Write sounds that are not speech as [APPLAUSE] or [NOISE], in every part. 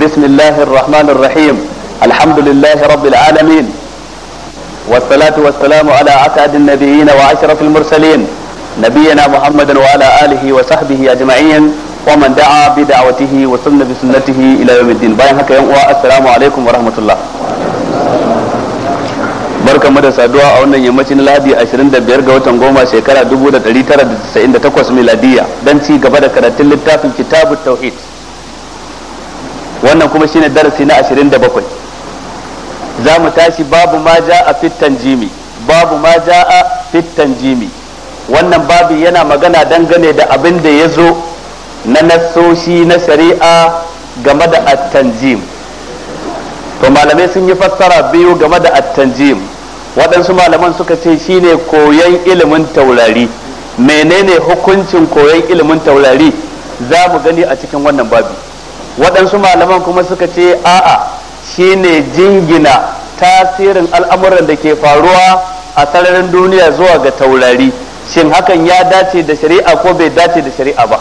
بسم الله الرحمن الرحيم الحمد لله رب العالمين والصلاة والسلام على أسعد النبيين وأشرف المرسلين نبينا محمد وعلى آله وصحبه أجمعين ومن دعا بدعوته وسن بسنته إلى يوم الدين باين هكا يوم السلام عليكم ورحمة الله barkan mu da saduwa a wannan yammacin ladi 25 ga watan goma shekara 1998 miladiya don ci gaba da karatun littafin kitabu tauhid wannan kuma shine darasi na 27 za mu tashi babu ma ja'a fitan jimi babu ma ja'a fitan jimi wannan babu yana magana dangane da abin da ya zo na nasoshi na shari'a game da attanjim to malamai sun yi fassara biyu game da attanjim waɗansu malaman suka ce shine koyon ilimin taurari menene hukuncin koyon ilimin taurari za mu gani a cikin wannan babu waɗansu malaman kuma suka ce a'a shi ne jingina tasirin al'amuran da ke faruwa a sararin duniya zuwa ga taurari shin hakan ya dace da shari'a ko bai dace da shari'a ba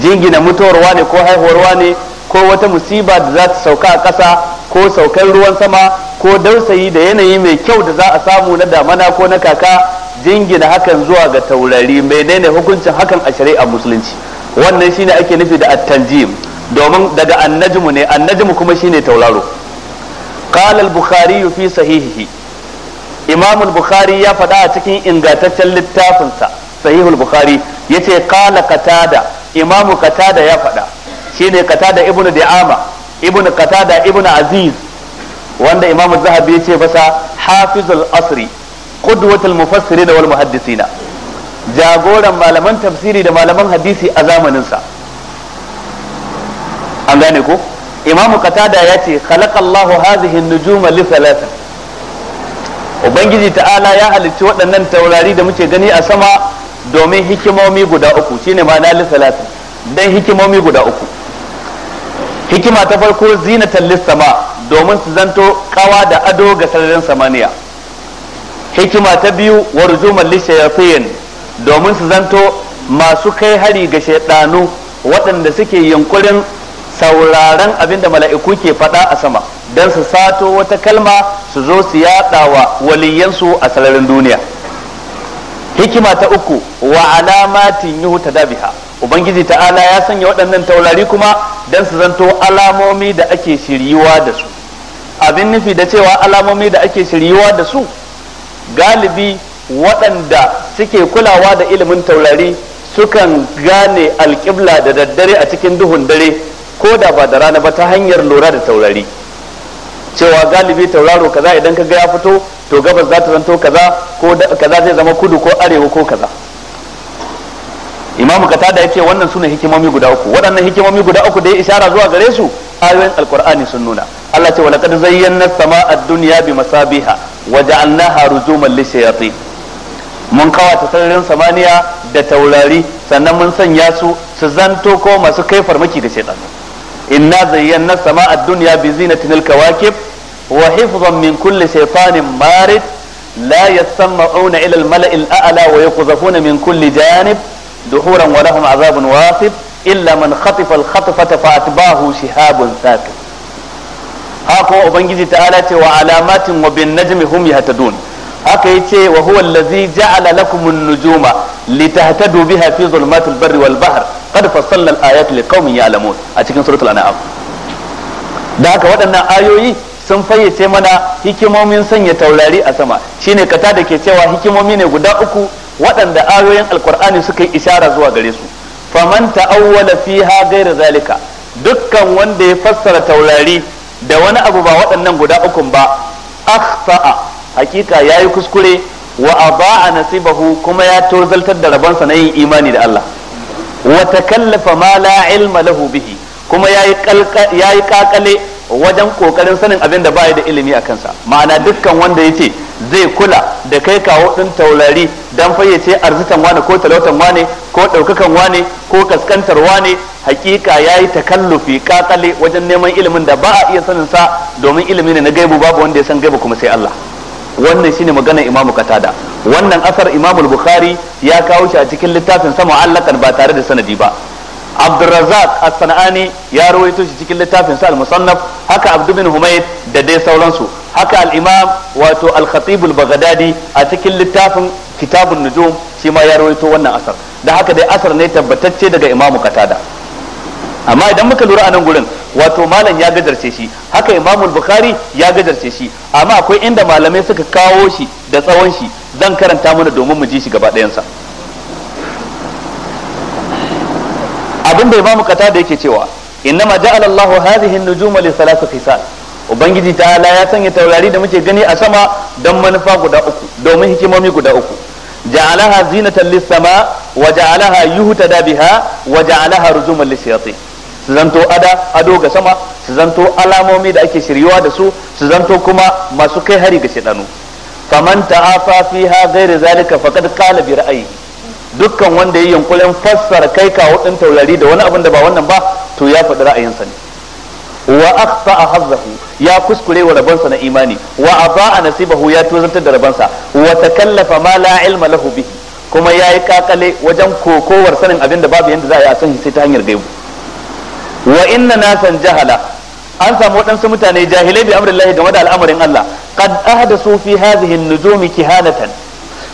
jingina mutuwarwa ne ko haihuwarwa ne ko wata musiba da za ta sauka a ƙasa ko saukar ruwan sama ko dausayi da yanayi mai kyau da za a samu na damana ko na kaka jingina hakan zuwa ga taurari menene hukuncin hakan a shari'a musulunci wannan shine ake nufi da at domin daga annajmu ne annajmu kuma shine tauraro qala al-bukhari fi sahihihi imam al-bukhari ya faɗa a cikin ingantaccen littafinsa sahihul bukhari yace qala qatada imam qatada ya faɗa shine qatada ibnu di'ama ibnu qatada ibnu aziz wanda imam zahabi yace basa hafizul asri qudwatul mufassirin wal muhaddisina jagoran malaman tafsiri da malaman hadisi a zamaninsa. sa an gane ko imamu qatada ya ce khalaqallahu allahu an-nujuma li thalatha ubangiji ta'ala ya halicci waɗannan taurari da muke gani a sama domin hikimomi guda uku shine ma li thalatha dan hikimomi guda uku hikima ta farko zinatan lissama domin su zanto kawa da ado ga sararin samaniya hikima ta biyu warjuman lishayatin domin su zanto masu kai hari ga shaidanu waɗanda suke yunkurin sauraron abinda mala'iku ke faɗa a sama don su sato wata kalma su zo su yaɗa wa waliyansu a sararin duniya hikima ta uku wa alamatin yuhu biha ubangiji ta'ala ya sanya waɗannan taurari kuma don su zanto alamomi da ake shiryuwa da su abin nufi da cewa alamomi da ake shiryuwa da su galibi waɗanda suke kulawa da ilimin taurari sukan gane alƙibla da daddare a cikin duhun dare ko da ba da rana ba ta hanyar lura da taurari cewa galibi tauraro kaza idan ka ga ya fito to gabas za ta zanto kaza ko kaza zai zama kudu ko arewa ko kaza imamu da ya ce wannan suna hikimomi guda uku waɗannan hikimomi guda uku da ya ishara zuwa gare su ayoyin alkur'ani sun nuna Allah ce wa laqad zayyana samaa ad-dunya bi masabiha wa ja'alnaha rujuman lishayatin mun kawata sararin samaniya da taurari sannan mun sanya su su zanto ko masu kai farmaki da shaytan inna zayyana sama'a dunya bi zinatin al-kawakib wa hifdhan min kulli shaytanin marid la yasma'una ila al-mala'i al-a'la wa yuqzafuna min kulli janib duhuran wa lahum 'adhabun wasib illa man khatifa al-khatfata fa atba'ahu shihabun thaqib haka ubangiji ta'ala ce wa alamatin wa bin najmi hum yahtadun haka ce wa huwa allazi ja'ala lakum an-nujuma litahtadu biha fi al barri wal bahr qad fassalna al-ayati liqaumin ya'lamun a cikin suratul an'am da haka waɗannan ayoyi sun fayyace mana hikimomin sanya taurari a sama shine kata da ke cewa hikimomi ne guda uku waɗanda ayoyin alkur'ani suka yi ishara zuwa gare su faman ta'awwala fiha ghayra zalika dukkan wanda ya fassara taurari da wani abu ba waɗannan guda ukun ba akhfa'a hakika ya yi kuskure wa a ba'a nasibahu kuma ya torzaltar da rabansa na yin imani da Allah wa takallafa ma la ilma lahu bihi kuma ya yi kakale wajen kokarin sanin abin da ba da ilimi a kansa ma'ana dukkan wanda ya ce zai kula da kai kawo ɗin taurari don fayyace arzikan wane ko talautan wane ko ɗaukakan wane ko kaskantar wane hakika ya yi takallufi kakale wajen neman ilimin da ba a iya sanin sa domin ilimi ne na gaibu babu wanda ya san gaibu kuma sai Allah wannan shine maganar Imam Qatada wannan asar Imam Bukhari ya kawo shi a cikin littafin sa mu'allakan ba tare da sanadi ba Abdurrazzaq As-Sanani ya rawaito shi cikin littafin sa Al-Musannaf haka Abd bin Humayd da dai sauransu haka al-Imam wato Al-Khatib Al-Baghdadi a cikin littafin Kitabun Nujum shi ma ya rawaito wannan asar da haka dai asar ne tabbatacce daga Imam Qatada amma idan muka lura a nan gurin wato malam ya gajarce shi haka imamul bukhari ya gajarce shi amma akwai inda malamai suka kawo shi da tsawon shi zan karanta mana domin mu ji shi gaba ɗayansa abin da imamu kata da yake cewa ma ja'ala allah hadhihi an-nujuma li thalathati khisal ubangiji ta'ala ya sanya taurari da muke gani a sama don manufa guda uku domin hikimomi guda uku ja'alaha zinatan lis-sama wa ja'alaha yuhtada biha wa ja'alaha rujuman lis shayatin su zanto ada ado ga sama su zanto alamomi da ake shiryuwa da su su zanto kuma masu kai hari ga shedanu faman ta'afa ha da zalika faqad qala bi ra'ayi dukkan wanda yayi yankulan fassara kai kawu ɗin taurari da wani abin da ba wannan ba to ya faɗi ra'ayinsa ne wa a hazzahu ya kuskure wa rabansa na imani wa aba'a nasibahu ya tozantar da rabansa wa takallafa ma la ilma lahu bihi kuma yayi kakale wajen kokowar sanin abin da babu yanda za a yi a san sai ta hanyar gaibu wa inna nasan jahala an samu waɗansu mutane jahilai bi lahi game da al'amarin Allah qad su fi hadhihi an-nujumi kihanatan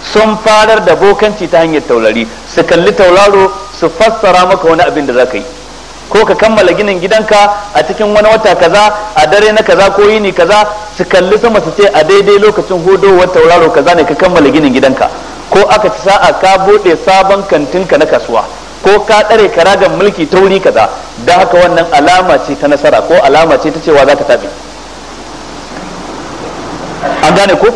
sun farar da bokanci ta hanyar taurari su kalli tauraro su fassara maka wani abin da zaka yi ko ka kammala ginin gidanka a cikin wani wata kaza a dare na kaza ko yini kaza su kalli sama su ce a daidai lokacin hudowar tauraro kaza ne ka kammala ginin gidanka ko aka ci sa'a ka bude sabon kantinka na kasuwa ko ka tsare karagan mulki ta wuri kaza da haka wannan alama ce ta nasara ko alama ce ta cewa za ka tabi an gane ku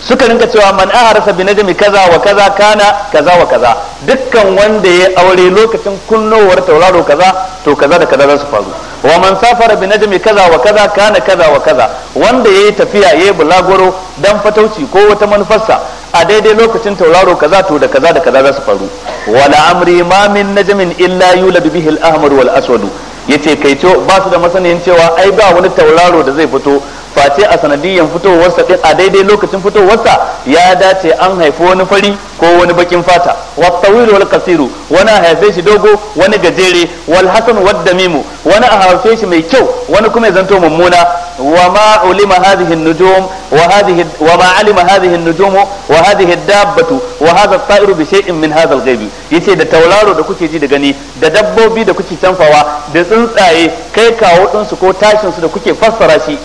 suka rinka cewa man harasa bi najmi kaza wa kaza kana kaza wa kaza dukkan wanda ya aure lokacin kunnowar tauraro kaza to kaza da kaza za su faru wa man safara bi najmi kaza wa kaza kana kaza wa kaza wanda yayi tafiya yayi bulagoro dan fatauci ko wata manufarsa a daidai lokacin tauraro kaza to da kaza da kaza za su faru wala amri ma min najmin illa yuladu bihi al-ahmar wal aswad yace kai to ba su da masaniyan cewa ai ba wani tauraro da zai fito face a sanadiyyar fitowarsa din a daidai lokacin fitowarsa ya dace an haifi wani fari ko wani bakin fata wa tawil wal kasiru wani a haife shi dogo wani gajere wal hasan wad damimu wani a haife shi mai kyau wani kuma ya zanto mummuna wa ma ulima hadhihi nujum wa hadhihi wa ma alima hadhihi wa hadhihi dabbatu wa hadha at-ta'iru bi min hadha al-ghayb yace da tauraro da kuke ji da gani da dabbobi da kuke canfawa da tsuntsaye kai kawo ɗinsu ko tashinsu da kuke fassara shi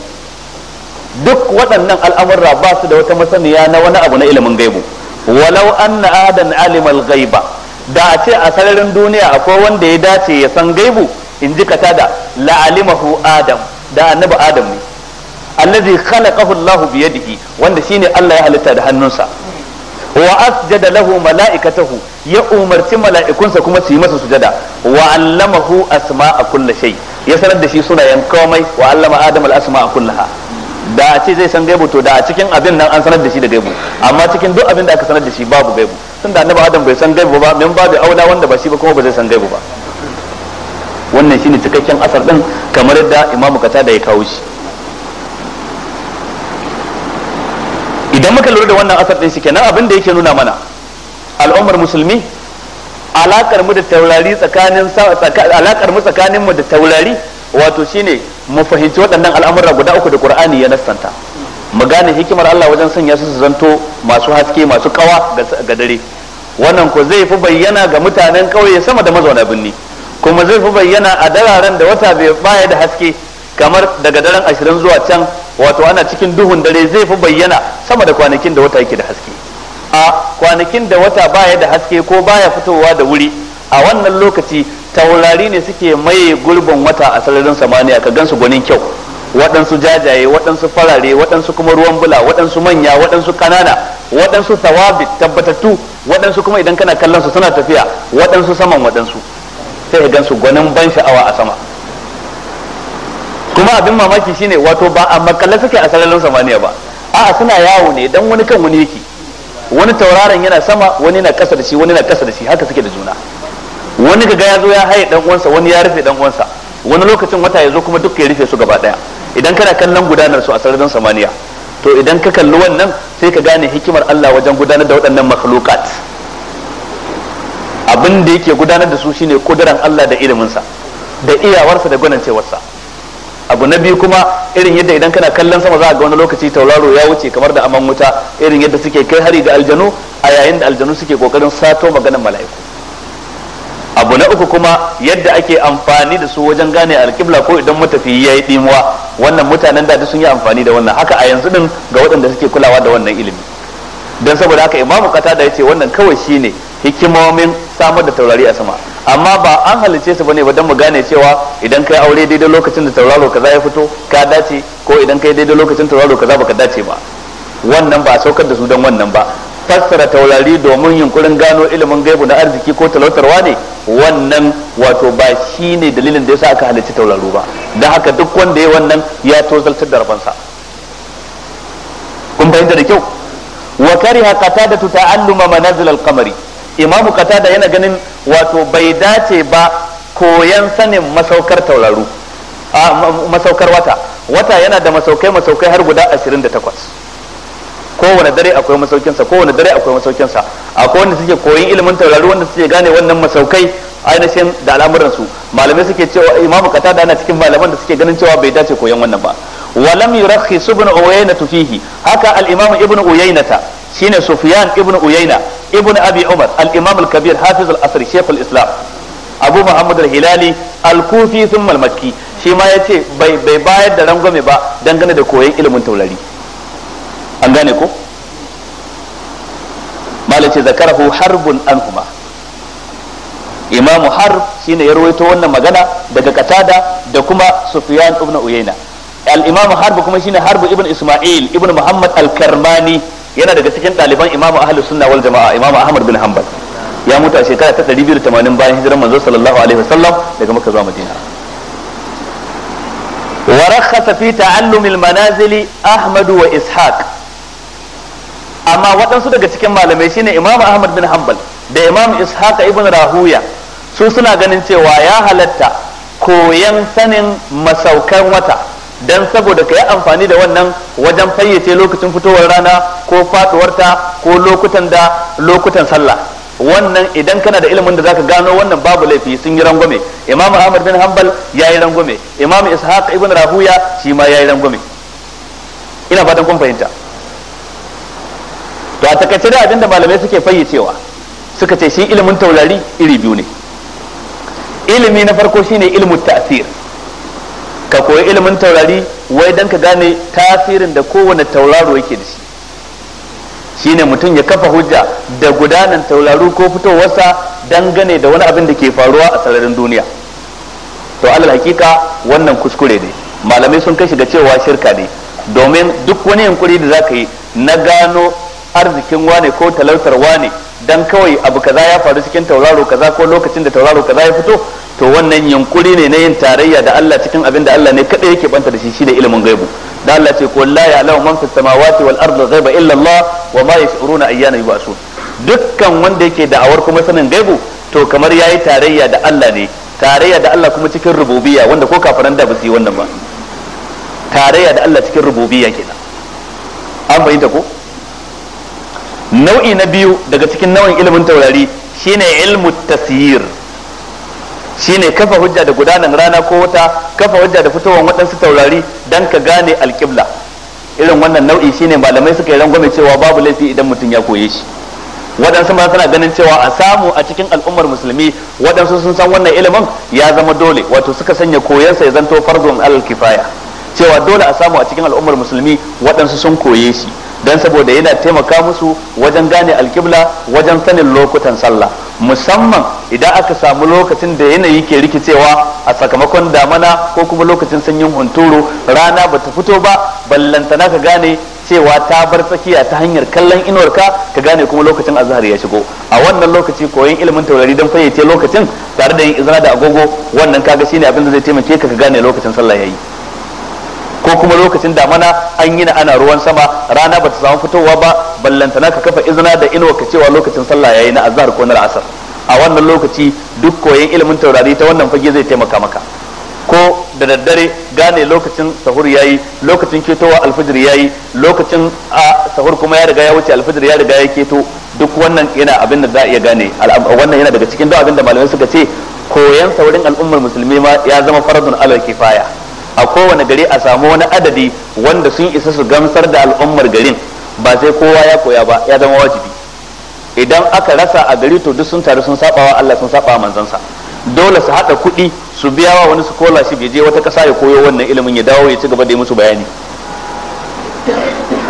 duk waɗannan al'amurra ba su da wata masaniya na wani abu na ilimin gaibu walau anna adan alimal gaiba da a ce a sararin duniya akwai wanda ya dace ya san gaibu in ji da la'alimahu adam da annabi adam ne allazi khalaqahu Allah yadihi wanda shine Allah ya halitta da hannunsa wa asjada lahu mala'ikatahu ya umarci mala'ikunsa kuma su yi masa sujada wa allamahu asma'a kulli shay ya sanar da shi sunayen komai wa allama adam al asma'a kullaha da a ce zai san gaibu to da a cikin abin nan an sanar da shi da gaibu amma cikin duk abin da aka sanar da shi babu gaibu tun da annabi adam bai san gaibu ba min babu auna wanda ba shi ba kuma ba zai san gaibu ba wannan shine cikakken asar din kamar yadda imamu kata da ya kawo shi idan muka lura da wannan asar din shi kenan abin da yake nuna mana al'ummar musulmi alakar mu da taurari tsakanin alakar mu tsakanin mu da taurari wato shine mu fahimci waɗannan al'amura guda uku da Qur'ani ya nasanta mu gane hikimar Allah wajen sanya su su zanto masu haske masu kawa ga dare wannan ko zai fi bayyana ga mutanen ƙauye sama da mazauna birni kuma zai fi bayyana a dararen da wata bai baya da haske kamar daga daren ashirin zuwa can wato ana cikin duhun dare zai fi bayyana sama da kwanakin da wata yake da haske a kwanakin da wata baya da haske ko baya fitowa da wuri a wannan lokaci taurari ne suke maye gurbin wata a sararin samaniya ka gansu gwanin kyau waɗansu jajaye waɗansu farare waɗansu kuma ruwan bula waɗansu manya waɗansu kanana waɗansu tawabi tabbatattu waɗansu kuma idan kana kallon su suna tafiya waɗansu saman waɗansu sai ka gansu gwanin ban sha'awa a sama kuma abin mamaki shine wato ba a makalle suke a sararin samaniya ba a'a suna yawo ne dan wani kan wani yake wani tauraron yana sama wani na kasa da shi wani na kasa da shi haka suke da juna wani ga ya zo ya haye dan uwansa wani ya rufe dan uwansa wani lokacin wata ya zo kuma duk ya rufe su gaba daya idan kana kallon gudanar su a sararin samaniya to idan ka kalli wannan sai ka gane hikimar Allah wajen gudanar da waɗannan makhluqat abin da yake gudanar da su shine kudaran Allah da ilimin sa da iyawarsa da sa abu na biyu kuma irin yadda idan kana kallon sama za ga wani lokaci tauraro ya wuce kamar da aman wuta irin yadda suke kai hari ga aljanu a yayin da aljanu suke kokarin sato maganar mala'iku abu na uku kuma yadda ake amfani da su wajen gane alkibla ko idan matafiya ya yi dimuwa wannan mutanen da sun yi amfani da wannan haka a yanzu din ga waɗanda suke kulawa da wannan ilimi don saboda haka imamu ya yace wannan kawai shine hikimomin samar da taurari a sama amma ba an halice su bane ba don mu gane cewa idan kai aure daidai lokacin da tauraro kaza ya fito ka dace ko idan kai daidai lokacin tauraro kaza baka dace ba wannan ba saukar da su don wannan ba fassara taurari domin yunkurin gano ilimin gaibu na arziki ko talautarwa ne wannan wato ba shi ne dalilin da ya sa aka halarci taurari ba da haka duk wanda ya wannan ya tozaltar da rabansa kun fahimta da kyau wa da tuta alluma manazil al-qamari imamu da yana ganin wato bai dace ba koyan sanin masaukar masaukar wata wata yana da masaukai masaukai har guda takwas. kowane dare akwai masaukin sa kowane dare akwai masaukin sa akwai wanda suke koyin ilimin taurari wanda suke gane wannan masaukai ainihin da al'amuran su malamai suke cewa imamu da ana cikin malaman da suke ganin cewa bai dace koyan wannan ba walam yurakhi ibn uyayna fihi haka al-imam ibn uyaynata shine sufyan ibn uyayna ibn abi umar al-imam al-kabir hafiz al-asr shaykh al-islam abu muhammad al-hilali al-kufi thumma al-makki shi ma yace bai bai bayar da rangwame ba dangane da koyon ilimin taurari an gane ko malace zakarahu harbun kuma. imamu har shine ya rawaito wannan magana daga katada da kuma sufyan ibn uyayna al-imamu harb kuma shine harb ibn isma'il ibn muhammad al-karmani yana daga cikin ɗaliban imamu ahlus sunna wal jama'a imamu ahmad bin hanbal ya mutu a shekara ta 280 bayan hijirar manzo sallallahu alaihi wasallam daga makka zuwa madina ورخص في تعلم المنازل أحمد وإسحاق amma waɗansu daga cikin malamai shi ne imam ahmad bin hanbal da imam ishaka ibn rahuya su suna ganin cewa ya halatta koyan sanin masaukan wata dan saboda ka yi amfani da wannan wajen fayyace lokacin fitowar rana ko faduwarta ko lokutan da lokutan sallah wannan idan kana da ilimin da zaka gano wannan babu laifi sun yi rangwame imamu ahmad bin hanbal ya yi rangwame imamu ishaq ibn rahuya shi ma ya yi rangwame ina fatan kun fahimta to a takaice da abinda malamai suke cewa suka ce shi ilimin taurari iri biyu ne ilimi na farko shine ilimin tasir ka koyi ilimin taurari wai dan ka gane tasirin da kowane tauraro yake da shi shine mutum ya kafa hujja da gudanan tauraro ko fitowarsa dangane da wani abin da ke faruwa a sararin duniya to alal hakika wannan kuskure ne malamai sun kai shi ga cewa shirka ne domin duk wani yankuri da za ka yi na gano arzikin wane ko talautar wane dan kawai abu kaza ya faru cikin tauraro kaza ko lokacin da tauraro kaza ya fito to wannan yankuri ne na yin tarayya da Allah cikin abin da Allah ne kada yake banta da shi shine ilimin gaibu da Allah ce qul la ya'lamu man fis samawati wal ardi ghaiba illa Allah wa ma yash'uruna ayyana yub'asun dukkan wanda yake da'awar kuma sanin gaibu to kamar yayi tarayya da Allah ne tarayya da Allah kuma cikin rububiyya wanda ko kafiran da ba su yi wannan ba tarayya da Allah cikin rububiyya kenan an fahimta ko nau'i na biyu daga cikin nau'in ilimin taurari shine ilmu shi shine kafa hujja da gudanar rana ko wata kafa hujja da fitowar waɗansu taurari don ka gane alƙibla irin wannan nau'i shine malamai suka yi rangwame cewa babu laifi idan mutum ya koye shi waɗansu ma suna ganin cewa a samu a cikin al'ummar musulmi waɗansu sun san wannan ilimin ya zama dole wato suka sanya koyansa ya zanto farzon alal kifaya cewa dole a samu a cikin al'ummar musulmi waɗansu sun koye shi dan saboda yana taimaka musu wajen gane alkibla wajen sanin lokutan sallah musamman idan aka samu lokacin da yanayi ke rikicewa a sakamakon damana ko kuma lokacin sanyin hunturu rana bata fito ba ballantana ka gane cewa ta bar tsakiya ta hanyar kallon inuwar ka ka gane kuma lokacin azhar ya shigo a wannan lokaci koyon ilimin taurari don fayyace lokacin tare da yin izina da agogo wannan kaga shine abin da zai taimake ka ka gane lokacin sallah ya yi. ko kuma lokacin damana an yi na ana ruwan sama rana ba ta samu fitowa ba ballantana ka kafa izina da inuwa ka cewa lokacin sallah yayi na azhar ko na asar a wannan lokaci duk koyon ilimin taurari ta wannan fage zai taimaka maka ko da daddare gane lokacin sahur yayi lokacin ketowa alfijir yayi lokacin a sahur kuma ya riga ya wuce alfijir ya riga ya keto duk wannan yana abin da za a iya gane wannan yana daga cikin duk abin da malamai suka ce koyan saurin al'ummar musulmi ma ya zama faradun alal kifaya a kowane gari a samu wani adadi wanda sun isa su gamsar da al'ummar garin ba sai kowa ya koya ba ya zama wajibi idan aka rasa a gari to duk sun taru sun saba wa Allah sun saba manzansa dole su haɗa kuɗi su biya wa wani scholarship ya je wata ƙasa ya koyo wannan ilimin ya dawo ya ci gaba da yi musu bayani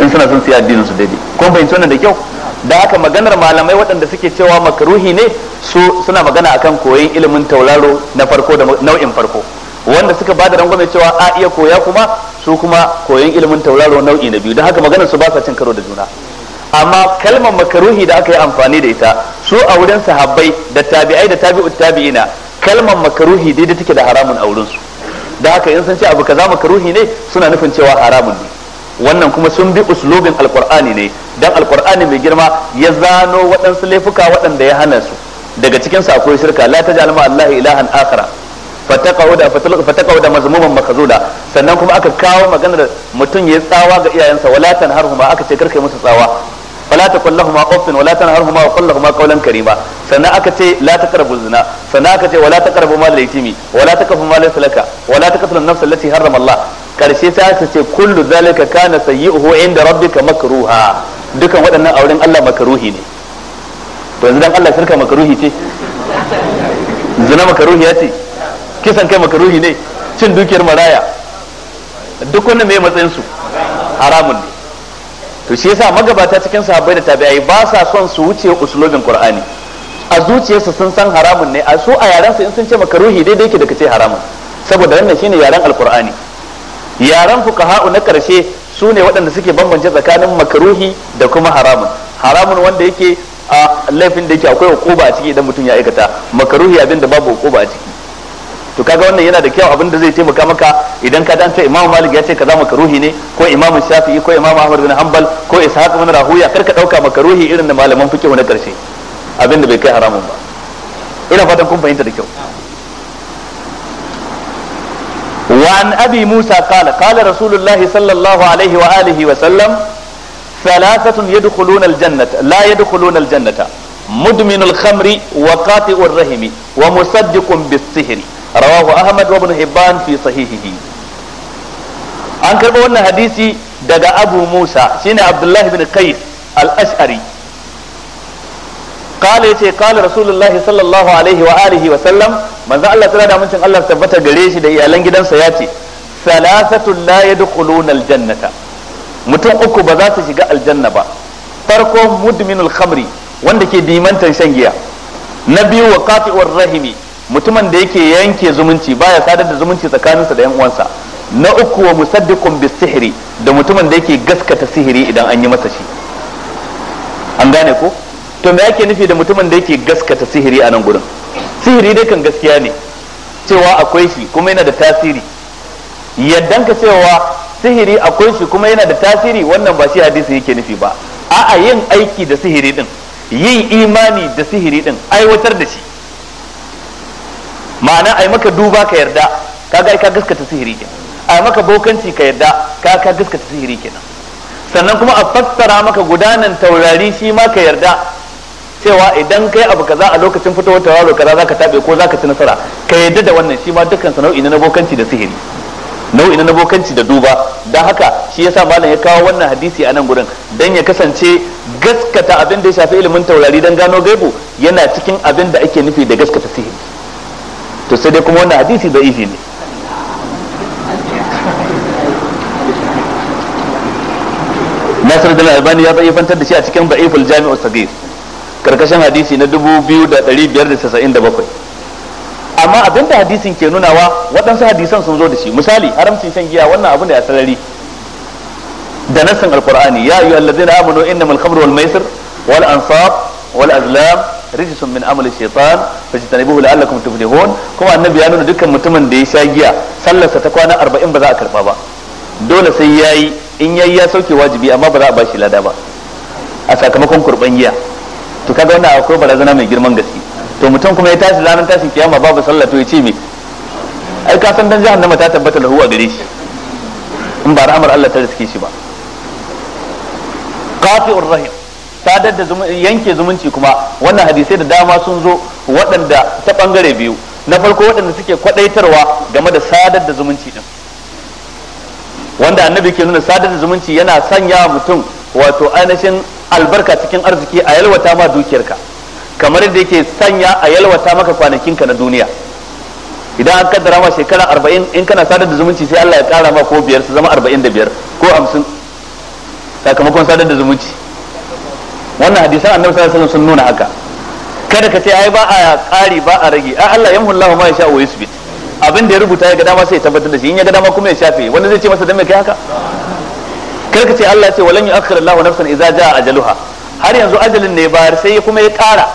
in suna son siya addinin su daidai kun fahimci wannan da kyau da aka maganar malamai waɗanda suke cewa makaruhi ne su suna magana akan koyon ilimin tauraro na farko da nau'in farko wanda suka ba da rangwame cewa a iya koya kuma su kuma koyon ilimin tauraro nau'i na biyu don haka maganar su ba sa cin karo da juna amma kalmar makaruhi da aka yi amfani da ita su a wurin sahabbai da tabi'ai da tabi'u tabi'ina kalmar makaruhi daidai take da haramun a wurin su da haka in sun ce abu kaza makaruhi ne suna nufin cewa haramun ne wannan kuma sun bi uslubin alqur'ani ne dan alqur'ani mai girma ya zano waɗansu laifuka waɗanda ya hana su daga cikin sa akwai shirka la tajal ma allahi ilahan akhara fataqauda da mazmuman makazuda sannan kuma aka kawo maganar mutum ya tsawa ga iyayensa wala huma aka ce karkai musu tsawa wala huma lahumu uffin wala tanharhuma wa huma lahumu qawlan karima sannan aka ce la karbu zina sannan aka ce wala taqrabu mal yatimi wala taqrabu mal salaka wala taqtulu an-nafs allati harrama Allah karshe ta aka ce kullu zalika kana sayyi'uhu inda rabbika makruha dukan waɗannan auren Allah makruhi ne to yanzu dan Allah shirka makruhi ce zina makruhi ya ce kisan kai makaruhi ne cin dukiyar maraya duk wannan mai matsayin su haramun ne to shi yasa magabata cikin sahabbai da tabi'ai ba sa son su wuce usulobin qur'ani a zuciyarsu sun san haramun ne a su a yaran su in sun ce makaruhi daidai ke da kace haramun saboda wannan shine yaran alqur'ani yaran fuqaha'u na karshe su ne waɗanda suke bambance tsakanin makaruhi da kuma haramun haramun wanda yake a laifin da yake akwai hukuba a ciki idan mutum ya aikata makaruhi abin da babu hukuba a ciki to kaga wannan yana da kyau abin da zai taimaka maka idan ka dance imamu malik ya ce ka zama karuhi ne ko imamu shafi'i ko imamu ahmad bin hanbal ko ishaq bin rahuya kar ka dauka makaruhi irin da malaman fiqh na karshe abin da bai kai haramun ba ina fatan kun fahimta da kyau وعن abi musa قال قال رسول الله صلى الله عليه وآله وسلم ثلاثة يدخلون الجنة لا يدخلون الجنة مدمن الخمر وقاطع الرحم ومصدق بالسحر rawahu ahmad wa ibn hibban fi sahihihi an karba wannan hadisi daga abu musa shine abdullahi bin qais al-ash'ari قال يتي قال رسول الله صلى الله عليه وآله وسلم من ذا الله تعالى من الله gare shi da iyalan gidansa yace thalathatun la yadkhuluna jannata mutum uku ba za su shiga aljanna ba farko mudminul khamri wanda ke dimantan shan giya na biyu wa qati'ur rahimi mutumin da yake yanke zumunci baya sadar da zumunci tsakaninsa da yan uwansa na uku wa musaddiqun bis sihiri da mutumin da yake gaskata sihiri idan an yi masa shi an gane ko to me yake nufi da mutumin da yake gaskata sihiri a nan gurin sihiri dai kan gaskiya ne cewa akwai shi kuma yana da tasiri Yadda ka cewa sihiri akwai shi kuma yana da tasiri wannan ba shi hadisi yake nufi ba a'a yin aiki da sihiri din yin imani da sihiri din aiwatar da shi ma'ana ai maka duba ka yarda ka ga ka gaskata sihiri kenan ai maka bokanci ka yarda ka ka gaskata sihiri kenan sannan kuma a fassara maka gudanan taurari shi ma ka yarda cewa idan kai abu kaza a lokacin fitowar tauraro kaza zaka tabe ko zaka ci nasara ka yarda da wannan shi ma dukkan nau'i na bokanci da sihiri nau'i na bokanci da duba don haka shi yasa malam ya kawo wannan hadisi a nan gurin dan ya kasance gaskata abin da ya shafi ilimin taurari dan gano gaibu yana cikin abin da ake nufi da gaskata sihiri to sai dai kuma wannan hadisi da ifi ne nasir da albani ya zaifantar da shi a cikin ba'iful jami'u sagir karkashin hadisi na 2597 amma abinda hadisin ke nunawa waɗansu hadisan sun zo da shi misali haramcin shan giya wannan abu da ya sarari da nassin alkur'ani ya ayyuhallazina amanu innamal khamru wal maisir wal ansab wal azlam rijsun min amali shaytan fajtanibuhu la'allakum tuflihun kuma annabi ya nuna dukkan mutumin da ya sha giya sallarsa ta kwana arba'in ba za a karba ba dole sai yayi in yayi ya sauke wajibi amma ba za a bashi lada ba a sakamakon kurban giya to kaga wannan akwai barazana mai girman gaske to mutum kuma ya tashi ranar tashin kiyama babu sallah to ya ce me ai ka san dan jahannama ta tabbata lahu a gare shi in ba ra'amar Allah ta riske shi ba qati'ur rahim sadar da yanke zumunci kuma wannan hadisai da dama sun zo waɗanda ta ɓangare biyu na farko waɗanda suke kwaɗaitarwa game da sadar da zumunci ɗin wanda annabi ke nuna sadar da zumunci yana sanya mutum wato ainihin albarka cikin arziki a yalwata ma dukiyarka kamar yadda yake sanya a yalwata maka kwanakinka na duniya idan an kaddara ma shekara arba'in in kana sadar da zumunci sai Allah ya kara ma ko biyar su zama arba'in da biyar ko hamsin sakamakon sadar da zumunci wannan hadisan annabi sallallahu alaihi wasallam sun nuna haka kada ka ce ai ba a ƙari ba a rage a Allah yamhu Allah ma yasha wa yusbit abin da ya rubuta ya ga dama sai ya tabbatar da shi in ya ga dama kuma ya shafe wanda zai ce masa dan me kai haka kada ka ce Allah ya ce walan yu'akhkhir Allah nafsan idza jaa ajaluha har yanzu ajalin ne bayar sai kuma ya ƙara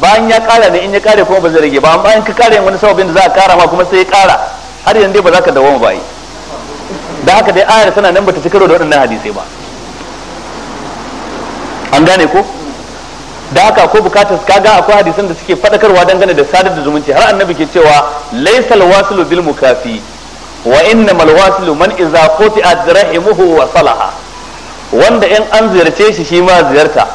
bayan ya ƙara ne in ya ƙare kuma ba zai rage ba amma in ka ƙare wani sababin da za a ƙara ma kuma sai ya ƙara har yanzu dai ba za ka dawo ba yi da haka dai ayar tana nan bata ci karo da waɗannan hadisai ba an gane ko da haka akwai bukatar ga akwai hadisan da suke fadakarwa dangane da sadar da zumunci har annabi ke cewa laysal wasilu bil mukafi wa innamal wasilu man idza quti'at rahimuhu wa salaha wanda in an ziyarce shi shi ma ziyarta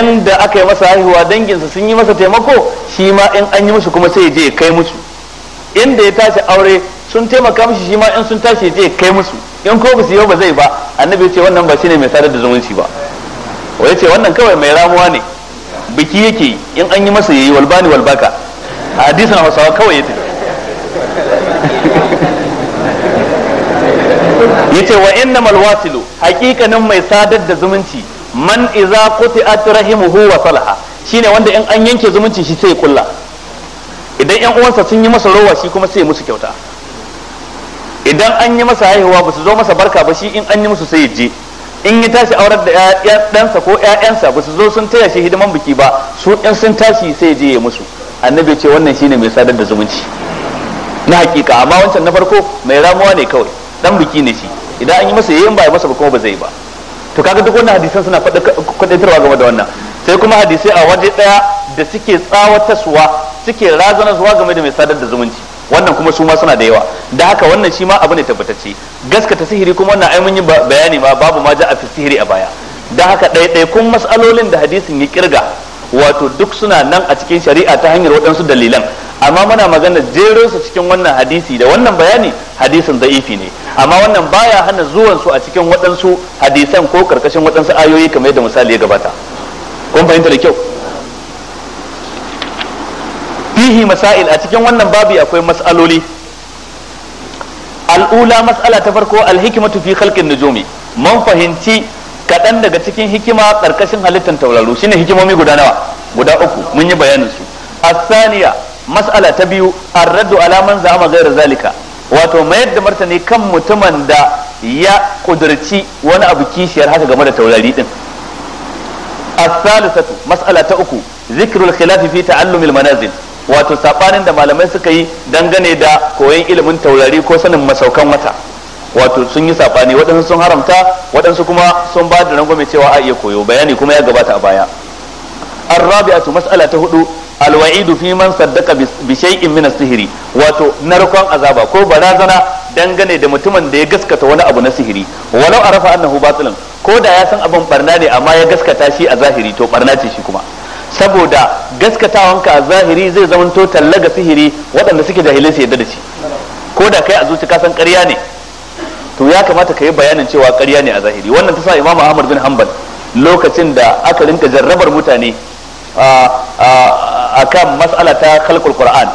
inda aka yi masa haihuwa danginsa sun yi masa taimako shi ma in an yi musu kuma sai ya je ya kai musu inda ya tashi aure sun taimaka mishi shi ma in sun tashi ya je ya kai musu in ko ba su yi ba zai ba annabi ya ce wannan ba shine mai sadar da zumunci ba wai ce wannan kawai mai ramuwa ne biki yake in an yi masa yayi walbani walbaka a hadisin hausawa kawai ya tafi [LAUGHS] yace wa innamal wasilu haqiqanin mai sadar da zumunci man iza quti'at rahimuhu wa salaha shine wanda in an yanke zumunci shi sai kulla idan yan uwansa sun yi masa rowa shi kuma sai musu kyauta idan an yi masa haihuwa ba su zo masa barka ba shi in an yi musu sai ya je in ya tashi aurar da ɗansa ko ƴaƴansa ba su zo sun taya shi hidiman biki ba su in sun tashi sai je ya musu annabi ce wannan shine mai sadar da zumunci na hakika amma wancan na farko mai ramuwa ne kawai dan biki ne shi idan an yi masa yayin ba ya masa ba kuma ba zai ba to kaga duk wannan hadisan suna faɗaɗarwa game da wannan sai kuma hadisai a waje daya da suke tsawatarwa suke razanarwa game da mai sadar da zumunci wannan kuma su ma suna da yawa da haka wannan shi ma abu ne tabbatacce gaskata sihiri kuma wannan ai mun yi bayani ma babu ma ja'a fi sihiri a baya da haka ɗaiɗaikun mas'alolin da hadisin ya kirga wato duk suna nan a cikin shari'a ta hanyar waɗansu dalilan amma muna magana jero su cikin wannan hadisi da wannan bayani hadisin da'ifi ne amma wannan baya hana zuwan su a cikin waɗansu hadisan ko karkashin waɗansu ayoyi kamar yadda misali ya gabata kun fahimta da kyau fihi masail a cikin wannan babu akwai mas'aloli al'ula mas'ala ta farko alhikimatu fi khalqin nujumi mun fahimci kaɗan daga cikin hikima ƙarƙashin halittar tauraro shine hikimomi guda nawa guda uku mun yi bayanin su asaniya mas'ala ta biyu arraddu ala man za'ama ghayra zalika wato mayar da martani kan mutumin da ya kudurci wani abu kishiyar haka game da taurari din الثالثة مسألة uku ذكر الخلاف في تعلم المنازل wato sabanin da malamai suka yi dangane da koyon ilimin taurari ko sanin masaukan wata wato sun yi sabani waɗansu sun haramta waɗansu kuma sun ba da rangwame cewa a iya koyo bayani kuma ya gabata a baya arrabi'atu mas'ala ta hudu alwa'idu fi man saddaka bi shay'in min sihiri wato narkon azaba ko barazana dangane da mutumin da ya gaskata wani abu na sihiri walau arafa annahu batilun ko da ya san abin barna ne amma ya gaskata shi a zahiri to barna ce shi kuma saboda gaskatawanka a zahiri zai zamanto talla ga sihiri waɗanda suke jahilai su yadda da shi ko da kai a zuci ka san ƙarya ne to ya kamata ka yi bayanin cewa ƙarya ne a zahiri wannan ta sa imamu ahmad bin hanbal lokacin da aka rinka jarrabar mutane a kan mas'ala ta kalkul qur'an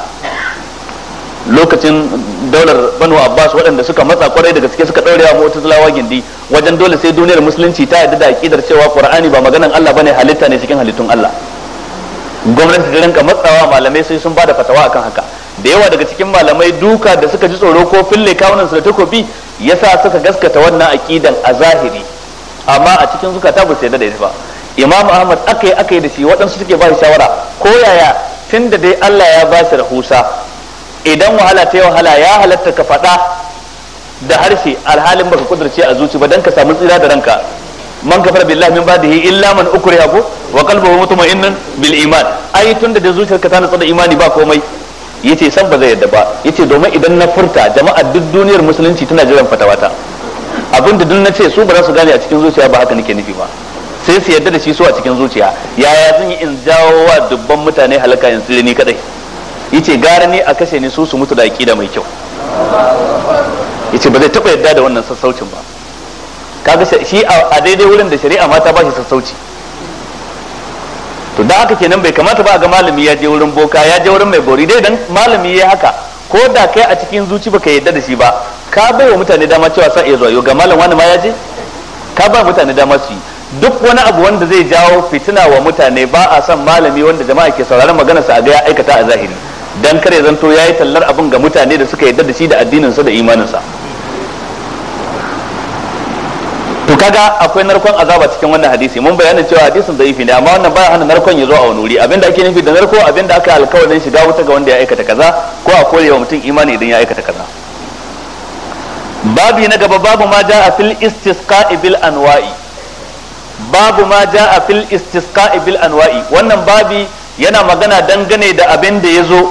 lokacin daular banu abbas waɗanda suka matsa kwarai da gaske suka ɗaure wa zulawa gindi wajen dole sai duniyar musulunci ta yadda da aqidar cewa qur'ani ba maganan Allah bane halitta ne cikin halittun Allah gwamnati ta rinka matsawa malamai sai sun bada fatawa akan haka da yawa daga cikin malamai duka da suka ji tsoro ko fille kawunan su da takobi yasa suka gaskata wannan aqidan a zahiri amma a cikin suka ta bu yarda da ita ba imam ahmad akai akai da shi waɗansu suke ba shi shawara ko yaya tunda dai Allah ya ba shi rahusa idan wahala ta wahala ya halatta ka faɗa da harshe alhalin baka kudurce a zuci ba dan ka samu tsira da ranka man kafara billahi min ba'dihi illa man ukriha ko wa qalbuhu mutma'innan bil iman ai tunda da zuciyarka ta tana da imani ba komai yace san ba zai yadda ba yace domin idan na furta jama'a duk duniyar musulunci tana jiran fatawata abinda duk na ce su ba za su gane a cikin zuciya ba haka nake nufi ba sai su yadda da shi su a cikin zuciya yaya zan yi in jawo wa dubban mutane halaka in sirri ni kadai yace gara ne a kashe ni su su mutu da aqida mai kyau yace ba zai taba yadda da wannan sassaucin ba kaga shi a daidai wurin da shari'a mata ba shi sassauci to da haka kenan bai kamata ba ga malami ya je wurin boka ya je wurin mai bori dai dan malami ya haka ko da kai a cikin zuci baka yadda da shi ba ka bai wa mutane dama cewa sa iya zuwa ga malam wani ma ya je ka ba mutane dama su yi duk wani abu wanda zai jawo fitina wa mutane ba a son malami wanda jama'a ke sauraron sa a ga ya aikata a zahiri dan kare zanto yayi tallar abin ga mutane da suka yadda da shi da addinin sa da imanin sa kaga akwai narkon azaba cikin wannan hadisi mun bayyana cewa hadisin zaifi ne amma wannan baya hana narkon ya zo a wani wuri abinda ake nufi da narko abinda aka alkawarin shiga wuta ga wanda ya aikata kaza ko a wa mutum imani idan ya aikata kaza babi na gaba babu ma ja'a fil istisqa'i bil anwa'i babu ma a fil istisqa'i bil anwa'i wannan babi yana magana dangane da abin da ya zo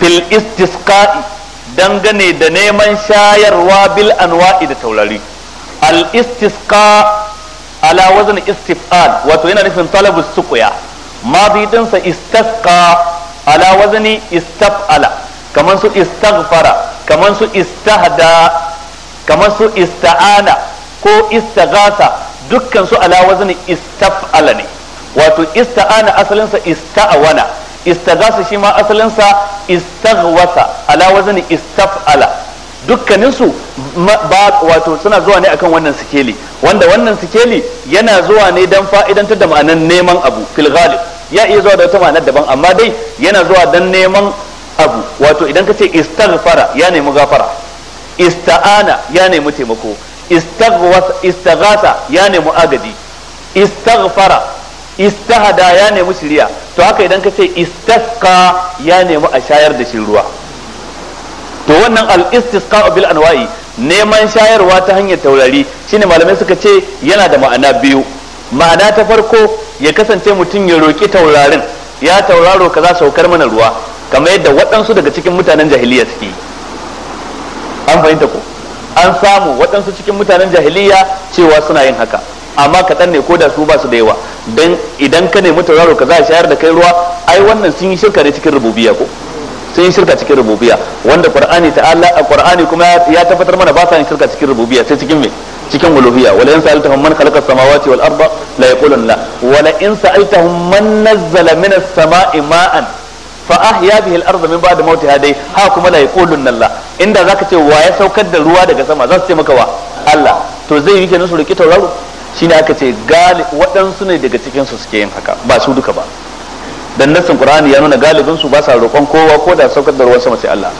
fil istisqa'i dangane da neman shayarwa bil anwa'i da taurari al-istisqa ala wazn istif'al wato yana nufin talabus suqya madi din sa istasqa ala wazni istaf'ala kaman su istaghfara kaman su istahda kaman su ista'ana ko istaghasa dukkan su ala wazni istaf'ala ne wato ista'ana asalinsa sa ista'wana istaghasa shi ma asalin sa istaghwasa ala wazni istaf'ala dukkaninsu wato suna zuwa ne akan wannan sikeli wanda wannan sikeli yana zuwa ne don fa'idantar da ma'anar neman abu fil ghalib ya iya zuwa da wata ma'anar daban amma dai yana zuwa dan neman abu wato idan ka ce istaghfara ya nemi gafara ista'ana ya nemi taimako istaghasa ya nemi agadi istaghfara istahada ya nemi shiriya to haka idan ka ce istaska ya nemi a shayar da shi ruwa to wannan al-istisqa bil anwa'i neman shayarwa ta hanyar taurari shine malamai suka ce yana da ma'ana biyu ma'ana ta farko ya kasance mutum ya roki taurarin ya tauraro kaza saukar mana ruwa kamar yadda waɗansu daga cikin mutanen jahiliya suke an fahimta ko an samu waɗansu cikin mutanen jahiliya cewa suna yin haka amma kaɗan ne ko da su ba su da yawa don idan ka nemi tauraro ka za shayar da kai ruwa ai wannan sun yi shirka ne cikin rububiya ko sun yi shirka cikin rububiya. wanda qur'ani ta'ala a qur'ani kuma ya tabbatar mana ba sa yin shirka cikin rububiya sai cikin me cikin uluhiyya wala in sa'altahum man khalaqa samawati wal arda la yaqulun la wala in sa'altahum man nazzala minas sama'i ma'an fa ahya bihi al arda min ba'di mawtiha dai ha kuma la yaqulun la inda zaka ce wa ya saukar da ruwa daga sama za su ce maka wa Allah to zai yi kenan su riki tauraro shine aka ce gali waɗansu ne daga cikin su suke yin haka ba su duka ba dan nassin qur'ani ya nuna galibin su ba sa roƙon kowa ko da saukar da ruwan sama sai Allah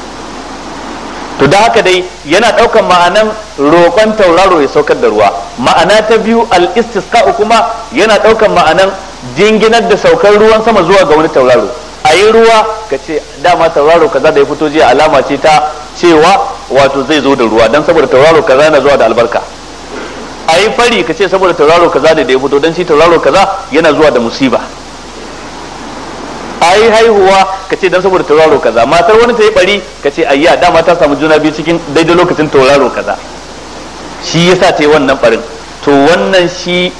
to da haka dai yana ɗaukan ma'anan roƙon tauraro ya saukar da ruwa ma'ana ta biyu al istisqa kuma yana ɗaukan ma'anan jinginar da saukar ruwan sama zuwa ga wani tauraro a yi ruwa ka ce dama tauraro kaza da ya fito jiya alama ce ta cewa wato zai zo da ruwa dan saboda tauraro kaza yana zuwa da albarka a yi fari ka ce saboda tauraro kaza da ya fito dan shi tauraro kaza yana zuwa da musiba ai haihuwa ka ce dan saboda tauraro kaza matar wani ta yi bari ka ce ayya dama ta samu juna biyu cikin daidai lokacin tauraro kaza shi yasa ta yi wannan barin to wannan shi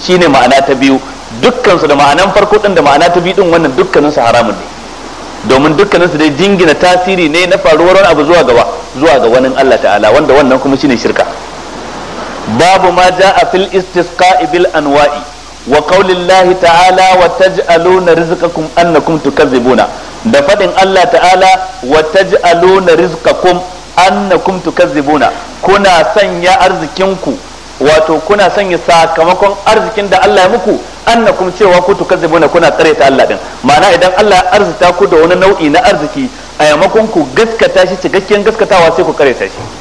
shine ma'ana ta biyu dukkan su da ma'anan farko din da ma'ana ta biyu din wannan dukkanin su haramun ne domin dukkanin su dai dingina tasiri ne na faruwar wani abu zuwa gaba zuwa ga wani Allah ta'ala wanda wannan kuma shine shirka babu ma ja'a fil istisqa'i bil anwa'i wa qaulillahi ta'ala wa taj'aluna rizqakum annakum tukazzibuna da fadin Allah ta'ala wa taj'aluna rizqakum annakum tukazzibuna kuna sanya arzikinku wato kuna sanya sakamakon arzikin da Allah ya muku annakum cewa ku tukazzibuna kuna tsare ta Allah din ma'ana idan Allah ya arzita ku da wani nau'i na arziki a yamakon ku gaskata shi cikakken gaskatawa sai ku ta shi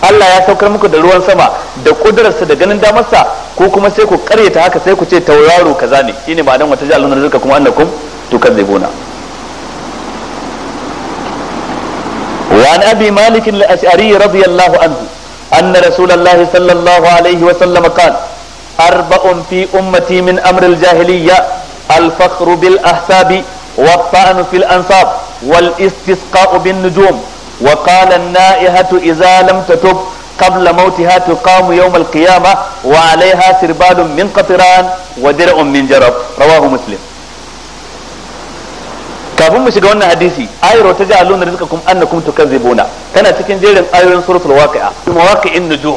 Allah ya saukar muku da ruwan sama da kudurarsa da ganin damarsa ko kuma sai ku karyata haka sai ku ce tauraro kaza ne shine ma'anar wata ji Allah rizqa kuma annakum tukadzibuna wa an abi malik al-ash'ari radiyallahu anhu anna rasulullahi sallallahu alaihi wa sallam qala arba'un fi ummati min amr al-jahiliyya al-fakhru bil ahsabi والطعن في الأنصاب والاستسقاء بالنجوم وقال النائحة إذا لم تتب قبل موتها تقام يوم القيامة وعليها سربال من قطران ودرع من جرب رواه مسلم kafin mu shiga wannan hadisi ayar ta ja'aluna rizqakum annakum tukazzibuna tana cikin jerin ayoyin suratul waqi'a mawaqi'in nujum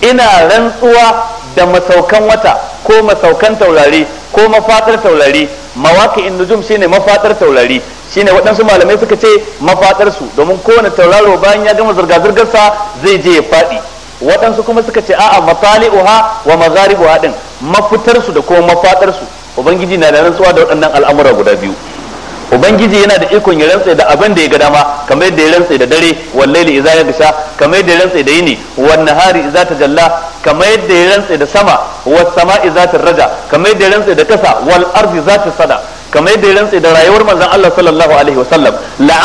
ina rantsuwa da masaukan wata ko masaukan taurari ko mafatar taurari mawaki in nujum shine mafatar taurari shine waɗansu malamai suka ce mafatar su domin kowane tauraro bayan ya gama zirga sa zai je ya faɗi waɗansu kuma suka ce a'a uha wa magharibuha din mafitar su da kuma mafatar su ubangiji na da rantsuwa da waɗannan al'amura guda biyu ubangiji yana da ikon ya rantsa da abin da ya ga dama kamar yadda ya rantsa da dare wallahi idza ya gisha kamar yadda ya rantsa da yini wan nahari idza tajalla kamar yadda ya rantsa da sama was sama'i zata raja kamar yadda ya rantsa da kasa wal ardi zata sada kamar yadda ya rantsa da rayuwar manzon Allah sallallahu alaihi wasallam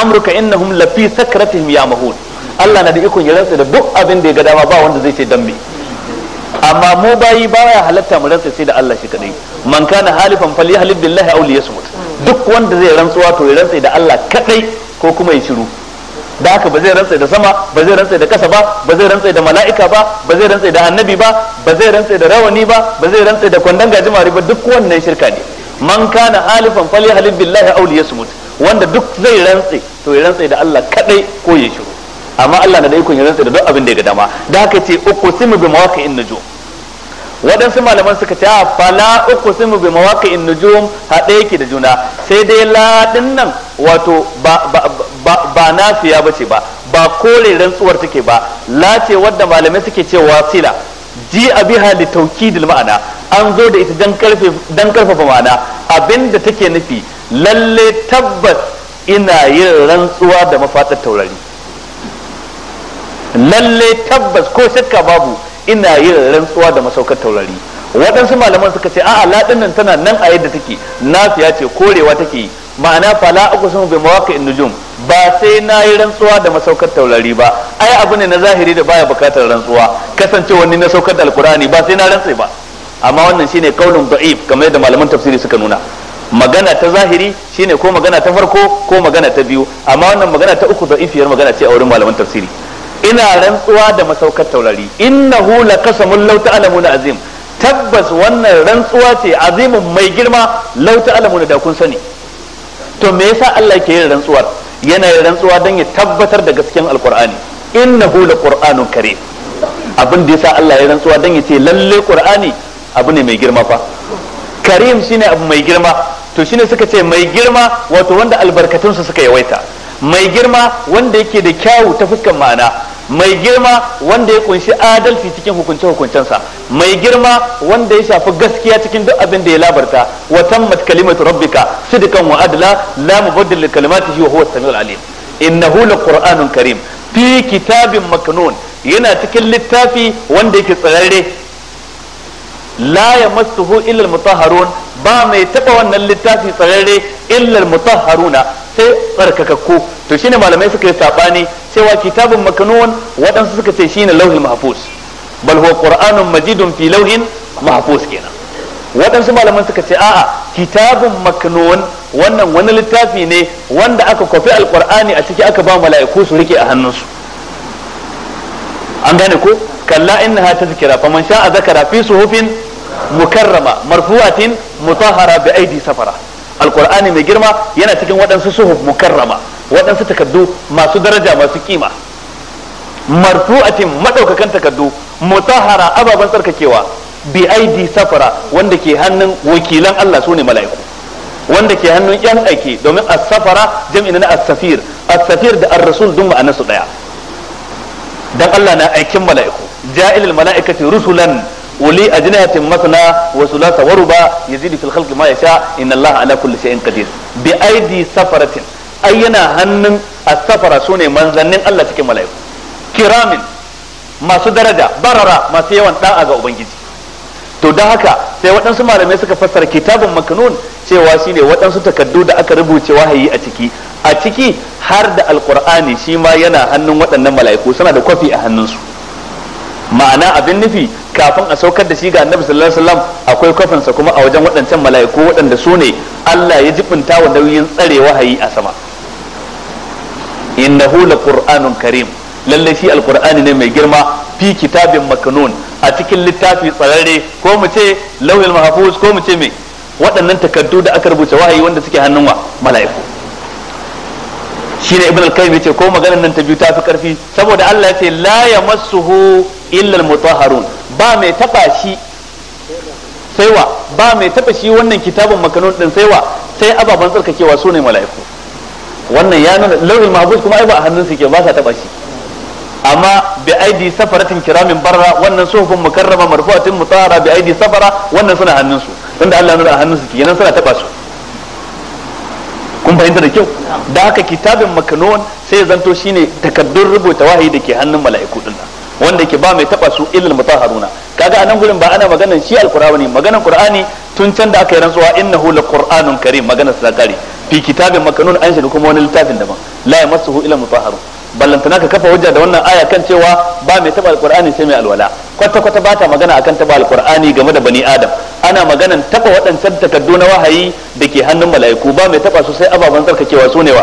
amruka innahum fi sakratihim ya mahud Allah na da ikon ya rantsa da duk abin da ya ga dama ba wanda zai ce dambe amma mu bayi baya halatta mu rantsa sai da Allah shi kadai man kana halifan falyahlib billahi aw liyasmut duk wanda zai rantsuwa to ya rantsa da Allah kadai ko kuma ya shiru da haka ba zai rantsa da sama ba zai rantsa da kasa ba ba zai rantsa da mala'ika ba ba zai rantsa da annabi ba ba zai rantsa da rawani ba ba zai rantsa da kwandon gajimare ba duk wannan shirka ne man kana halifan fali halif billahi ya liyasmut wanda duk zai rantsa to ya rantsa da Allah kadai ko ya shiru amma Allah na da ikon ya rantsa da duk abin da ya ga dama da haka ce uqsimu bi mawaqi'in nujum waɗansu malaman suka ce a fala mu bi mawaqi'in nujum haɗe yake da juna sai dai ladin nan wato ba ba ba, ba ce ba ba kore rantsuwar take ba la ce wadda malamai suke ce wasila ji hali tauki da ma'ana an zo da ita don karfafa ma'ana abinda take nufi lalle tabbas ina yin rantsuwa da mafatar taurari lalle tabbas ko shakka babu ina yin rantsuwa da masaukar taurari waɗansu malaman suka ce a'a ladin nan tana nan a yadda take na fiya ce korewa take ma'ana fala sun bi mawaqi'in nujum ba sai na yi rantsuwa da masaukar taurari ba ai abu ne na zahiri da baya bukatar rantsuwa kasance wani na saukar da alkurani ba sai na rantse ba amma wannan shine kaulun da'if kamar yadda malaman tafsiri suka nuna magana ta zahiri shine ko magana ta farko ko magana ta biyu amma wannan magana ta uku da'ifiyar magana ce a wurin malaman tafsiri ina rantsuwa da masaukar taurari la laqasamul law ta'lamuna azim tabbas wannan rantsuwa ce azimin mai girma law ta'lamuna da kun sani to me yasa Allah ke yin rantsuwar yana yin rantsuwa don ya tabbatar da gaskiyar alqur'ani la qur'anun karim abin da yasa Allah ya rantsuwa don ya ce lalle qur'ani abu ne mai girma fa karim shine abu mai girma to shine suka ce mai girma wato wanda albarkatunsa suka yawaita mai girma wanda yake da kyawu ta fuskar ma'ana mai girma wanda ya kunshi adalci cikin hukunce hukuncensa mai girma wanda ya shafi gaskiya cikin duk abin da ya labarta wa tammat kalimatu rabbika sidqan wa adla la mubaddil li kalimatihi wa huwa samiul alim innahu laqur'anun karim fi kitabin maknun yana cikin littafi wanda yake tsararre la yamassuhu illa al-mutahharun ba mai taba wannan littafi tsararre illar al Haruna sai tsarkakakku to shine malamai suka yi sabani cewa kitabin makanun waɗansu suka ce shine lauhul mahfuz bal huwa qur'anun majidun fi lauhin mahfuz kenan waɗansu malamai suka ce a'a kitabin makanun wannan wani littafi ne wanda aka kwafi alqur'ani a ciki aka ba mala'iku su rike a hannunsu an gane ko kalla innaha tazkira faman sha'a zakara fi suhufin mukarrama marfu'atin mutahara bi aidi safara alqur'ani mai girma yana cikin waɗansu suhuf mukarrama waɗansu takaddu masu daraja masu kima marfu'atin madaukakan takaddu mutahara ababan tsarkakewa bi aidi safara wanda ke hannun wakilan Allah sune mala'iku wanda ke hannun yan aiki domin as-safara jam'in na as-safir as-safir da ar-rasul dun ma'anarsu daya dan Allah na aikin mala'iku ja'ilul mala'ikati rusulan uli ajnahatin masna wa thulatha wa ruba yazidu fil khalqi ma yasha inna allaha ala kulli shay'in qadir bi aidi safaratin ai yana hannun as-safara sune manzannin Allah cikin mala'iku kiramin masu daraja barara masu yawan da'a ga ubangiji to don haka sai waɗansu malamai suka fassara kitabun makanun cewa shine waɗansu takardu da aka rubuce wahayi a ciki a ciki har da alkur'ani shi ma yana hannun waɗannan mala'iku suna da kwafi a hannunsu ma'ana abin nufi kafin a saukar da shi ga annabi sallallahu alaihi wasallam akwai kafinsa kuma a wajen waɗancan mala'iku waɗanda su ne Allah ya jibinta wa nauyin tsare wahayi a sama innahu laqur'anun karim lalle shi alqur'ani ne mai girma fi kitabin makanun a cikin littafi tsararre ko mu ce lawil mahfuz ko mu ce me waɗannan takaddu da aka rubuta wahayi wanda suke hannun wa mala'iku shi ne ibn al kayyim yace ko maganar nan ta biyu ta fi karfi saboda Allah yace la yamassuhu illa al-mutahharun ba mai taba shi sai wa ba mai taba shi wannan kitabun makanun din sai wa sai ababan tsarkakewa sune mala'iku wannan ya nuna lauhin mahfuz kuma ai ba a hannun su ke ba sa taba shi amma bi aidi safaratin kiramin barra wannan suhufun mukarrama marfu'atin mutahara bi aidi safara wannan suna hannun su tunda Allah nuna a hannun su kenan suna taba su kun fahimta da kyau da haka kitabin makanon sai ya zanto shine takaddun rubuta wahayi da ke hannun mala'iku din wanda ke ba mai taba su illal mutahharuna kaga anan gurin ba ana maganan shi alqur'ani maganan qur'ani tun can da aka yi rantsuwa innahu laqur'anun karim maganar sakari fi kitabin makanun an shiga kuma wani littafin daban la yamassuhu illa mutahharun ballantana ka kafa hujja da wannan aya kan cewa ba mai taba alqur'ani sai mai alwala kwata kwata ba ta magana akan taba alqur'ani game da bani adam ana maganan taba waɗancan takaddu na wahayi da ke hannun mala'iku ba mai taba su sai ababen tsarkakewa su ne wa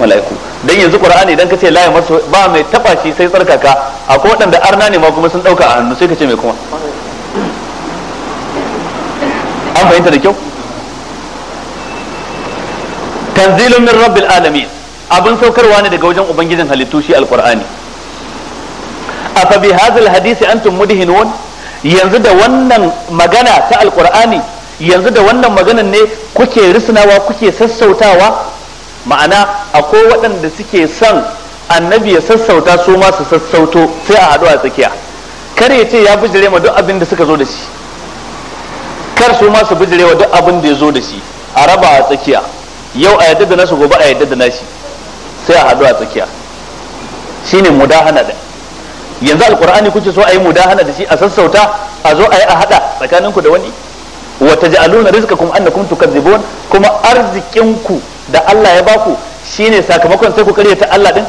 mala'iku dan yanzu qur'ani idan ka ce la masu ba mai taba shi sai tsarkaka akwai waɗanda arna ne ma kuma sun dauka a hannu sai ka ce mai kuma an fahimta da kyau tanzilun min rabbil alamin abin saukarwa ne daga wajen ubangijin halittu shi alqur'ani afa bi hadhal hadisi antum mudhinun yanzu da wannan magana ta alqur'ani yanzu da wannan maganan ne kuke risnawa kuke sassautawa ma'ana akwai waɗanda suke son annabi ya sassauta su ma su sassauto sai a haɗu a tsakiya kar ya ce ya bijire ma duk abin da suka zo da shi kar su ma su bijire wa duk abin da ya zo da shi a raba a tsakiya yau a yadda da nasu gobe a yadda da nashi sai a haɗu a tsakiya shine mudahana da yanzu alqur'ani kuke so a yi mudahana da shi a sassauta a zo a yi a haɗa tsakaninku da wani wa taj'aluna rizqakum annakum tukazzibun kuma arzikinku da Allah ya baku shine sakamakon sai ku ta Allah din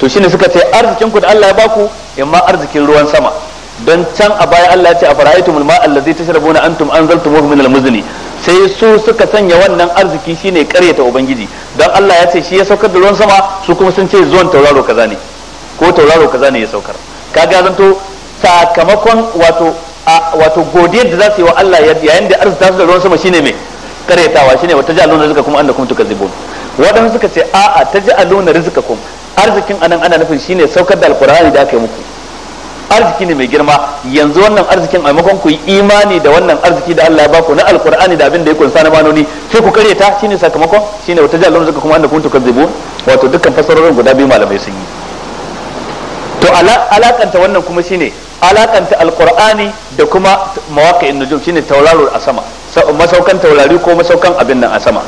to shine suka ce arzikinku da Allah ya baku imma arzikin ruwan sama don can a baya Allah ya ce a fara'aitumul ma allazi tashrabuna antum anzaltumuhu min muzni sai su suka sanya wannan arziki shine karyata ubangiji don Allah ya ce shi ya saukar da ruwan sama su kuma sun ce zuwan tauraro kaza ne ko tauraro kaza ne ya saukar ga zanto sakamakon wato wato godiyar da za su yi wa Allah yayin da arziki su da ruwan sama shine mai karyatawa shine wata ja'aluna kuma annakum tukazibun wadansu suka ce a'a taj'aluna rizqakum arzikin anan ana nufin shine saukar da alqur'ani da aka yi muku arziki ne mai girma yanzu wannan arzikin a makon ku yi imani da wannan arziki da Allah ya baku na alkurani da abin da ya kunsa na manoni sai ku kareta shine sakamakon shine wata jallon zaka kuma annakum tukazzibu wato dukkan fasarorin guda biyu malamai sun yi to alakanta wannan kuma shine alakanta alkur'ani da kuma mawaqi'in nujum shine tauraro a sama masaukan taurari ko masaukan abin nan a sama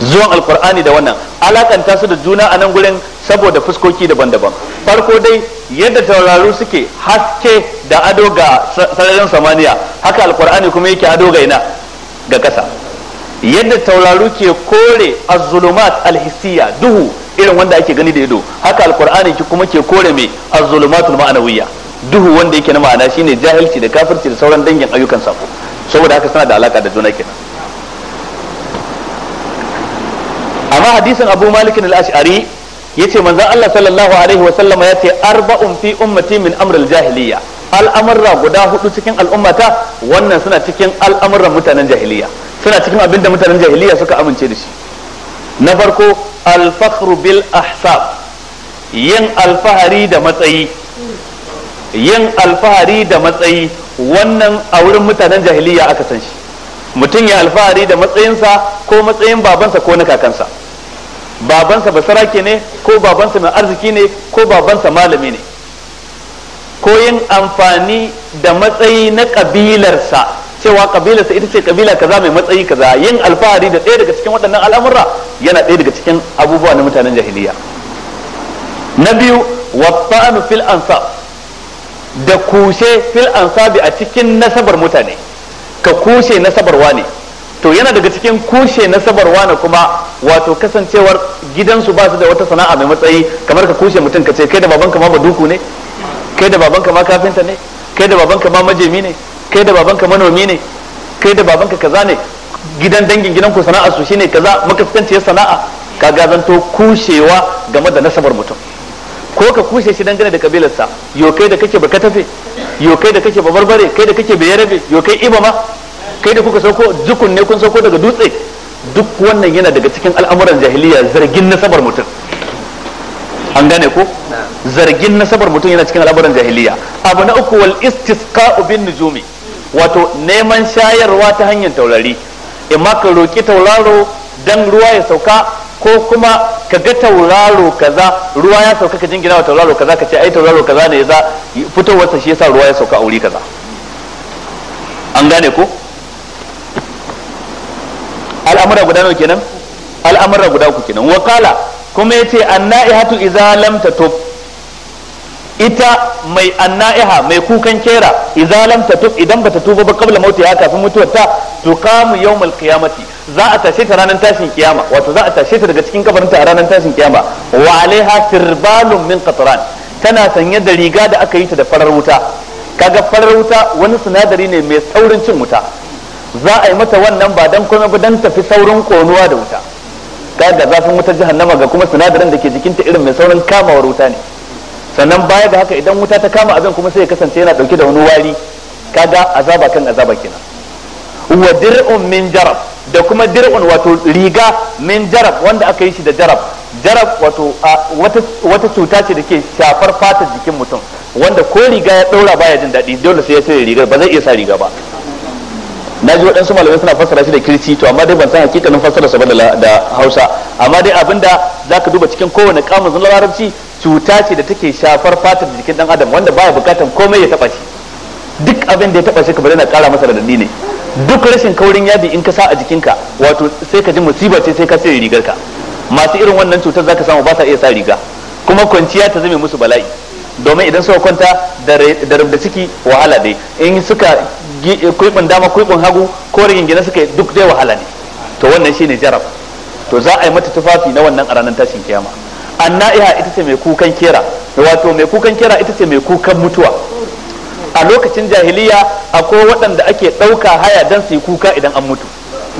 zuwan alkur'ani da wannan alakanta su da juna a nan gurin saboda fuskoki daban-daban farko dai yadda tauraru suke haske da ado ga sararin samaniya haka alkur'ani kuma yake ado ga ina ga ƙasa yadda tauraru ke kore azulumat alhisiya duhu irin wanda ake gani da ido haka alkur'ani kuma ke kore mai azulumatul ma'anawiyya duhu wanda yake na ma'ana shine jahilci da kafirci da sauran dangin ayyukan sako saboda haka suna da alaka da juna kenan amma hadisin abu malikin al-ash'ari yace manzon Allah sallallahu alaihi wa sallama yace arba'un fi ummati min amr al-jahiliya al'amurra guda hudu cikin al'ummata wannan suna cikin al'amuran mutanen jahiliya suna cikin abinda mutanen jahiliya suka amince da shi na farko al-fakhru bil ahsab yin alfahari da matsayi yin alfahari da matsayi wannan a wurin mutanen jahiliya aka san shi mutum ya alfahari da matsayinsa ko matsayin babansa ko na kakansa babansa ba basarake ne ko babansa mai arziki ne ko babansa malami ne ko yin amfani da matsayi na kabilarsa cewa kabilarsa ita ce kabila kaza mai matsayi kaza yin alfahari da ɗaya daga cikin waɗannan al'amura yana ɗaya daga cikin abubuwa na mutanen jahiliya na biyu wasa'anu fil ansab da kushe fil ansabi a cikin nasabar mutane ka kushe nasabarwa ne to yana daga cikin kushe nasabarwa ne kuma wato kasancewar gidansu ba su da wata sana'a mai matsayi kamar ka kushe mutum ka ce kai da babanka ma baduku ne kai da babanka ma kafinta ne kai da babanka ma majemi ne kai da babanka manomi ne kai da babanka kaza ne gidan dangin gidan ku sana'a su shine kaza makaskanciyar sana'a kaga gazanto kushewa game da nasabar mutum ko ka kushe shi dangane da kabilarsa yo kai da kake baka tafe yo kai da kake babarbare kai da kake bayarabe yo kai ma? kai da kuka sauko jukun ne kun sauko daga dutse duk wannan yana daga cikin al'amuran jahiliya zargin nasabar mutum an gane ko zargin nasabar mutum yana cikin al'amuran jahiliya abu na uku wal istisqa'u bin nujumi wato neman shayarwa ta hanyar taurari ma ka roki tauraro dan ruwa ya sauka ko kuma ka ga tauraro kaza ruwa ya sauka ka jingina wa tauraro kaza ka ce ai tauraro kaza ne yasa fitowarsa shi yasa ruwa ya sauka a wuri kaza an gane ko al'amura guda nawa kenan al'amura guda ku kenan wa kala kuma yace annaihatu idza lam tatub ita mai annaiha mai kukan kera idza lam tatub idan bata tuba ba qabla mauti haka sun mutuwar ta tuqamu yawmal qiyamati za a tashe ta ranar tashin kiyama wato za a tashe ta daga cikin kafarinta a ranar tashin kiyama wa alaiha sirbalun min qatran tana sanye da riga da aka yi ta da farar wuta kaga farar wuta wani sinadari ne mai saurin cin wuta za a yi mata wannan ba dan kuma ba dan tafi saurin konuwa da wuta kaga zafin wutar jahannama ga kuma sinadarin da ke jikinta irin mai saurin kamawar wuta ne sannan baya ga haka idan wuta ta kama abin kuma sai ya kasance yana dauke da wani wari kaga azaba kan azaba kenan wa dir'un min jarab da kuma dir'un wato riga min jarab wanda aka yi shi da jarab jarab wato wata cuta ce da ke shafar fatar jikin mutum wanda ko riga ya ɗaura baya jin daɗi dole sai ya cire rigar ba zai iya sa riga ba na ji waɗansu malamai suna fassara shi da kirci to amma dai ban san hakikanin fassara sa ba da hausa amma dai abinda zaka duba cikin kowane kamun larabci cuta ce da take shafar fatar jikin ɗan adam wanda baya buƙatar komai ya taba shi duk abin da ya taba shi ka bari na kara masa radadi ne duk rashin kaurin yadi in ka sa a jikinka wato sai ka ji musiba ce sai ka sai rigar ka masu irin wannan cutar zaka samu ba sa iya sa riga kuma kwanciya ta zame musu bala'i domin idan suka kwanta da rubda ciki wahala dai in suka kuibin dama kuibin hagu ko rigingine suka duk dai wahala ne to wannan shine jarab to za a yi mata tufafi na wannan a ranar tashin kiyama iha ita ce mai kukan kera wato mai kukan kera ita ce mai kukan mutuwa a lokacin jahiliya akwai waɗanda ake ɗauka haya don su yi kuka idan an mutu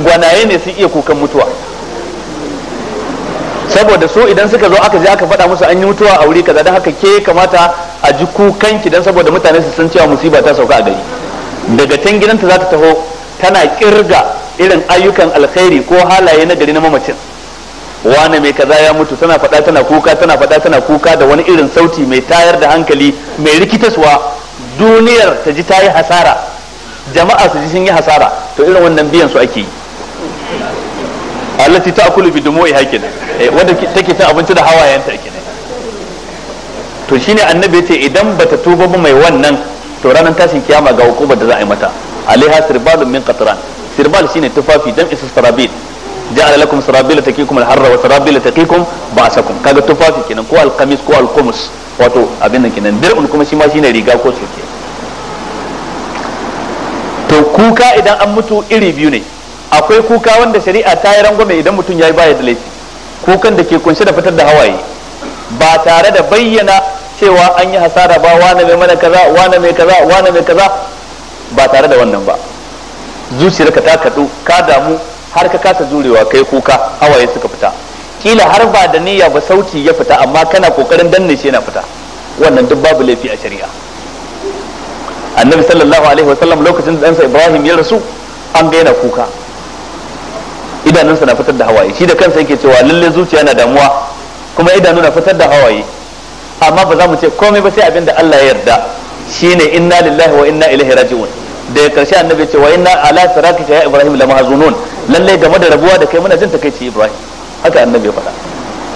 gwanaye ne su iya kukan mutuwa saboda su idan suka zo aka je aka faɗa musu an yi mutuwa a wuri kaza don haka ke kamata a ji kukanki don saboda mutane su san cewa musiba ta sauka a gari daga can gidanta za ta taho tana kirga irin ayyukan alkhairi ko halaye na gari na mamacin wane mai kaza ya mutu tana faɗa tana kuka tana faɗa tana kuka da wani irin sauti mai tayar da hankali mai rikitaswa duniyar ta ji ta yi hasara jama'a su ji sun yi hasara to irin wannan biyan su ake yi allati ta'kulu bi dumu'i hakin eh, wanda take ta abinci da ta kenan to shine annabi yace idan bata tuba ba mai wannan to ranar tashin kiyama ga hukumar da za a yi mata alaiha sirbalu min qatran sirbal shine tufafi dan isa sarabil ja'ala lakum sarabila takikum alharra wa sarabila takikum ba'sakum kaga tufafi kenan ko alqamis ko alqumus wato abin nan kenan dir'un kuma shi ma shine riga ko soke to kuka idan an mutu iri biyu ne akwai kuka wanda shari'a ta yi rangwame idan mutum ya yi baya da laifi kukan da ke kunshe da fitar da hawaye ba tare da bayyana cewa an yi hasara ba wane mai mana kaza wane mai kaza wane mai kaza ba tare da wannan ba zuciyarka ta kadu ka damu har ka kasa jurewa kai kuka hawaye suka fita kila har ba da niyya ba sauti ya fita amma kana kokarin danne shi yana fita wannan duk babu laifi a shari'a annabi sallallahu alaihi wasallam lokacin da ɗansa ibrahim ya rasu an ga yana kuka idanunsa na fitar da hawaye shi da kansa yake cewa lalle zuciya na damuwa kuma idanu na fitar da hawaye amma ba za mu ce komai ba sai abin da Allah ya yarda shine inna lillahi wa inna ilaihi raji'un da ya karshe annabi ce wa inna ala siratika ya ibrahim lamahzunun lalle game da rabuwa da kai muna jin takeici ibrahim haka annabi ya faɗa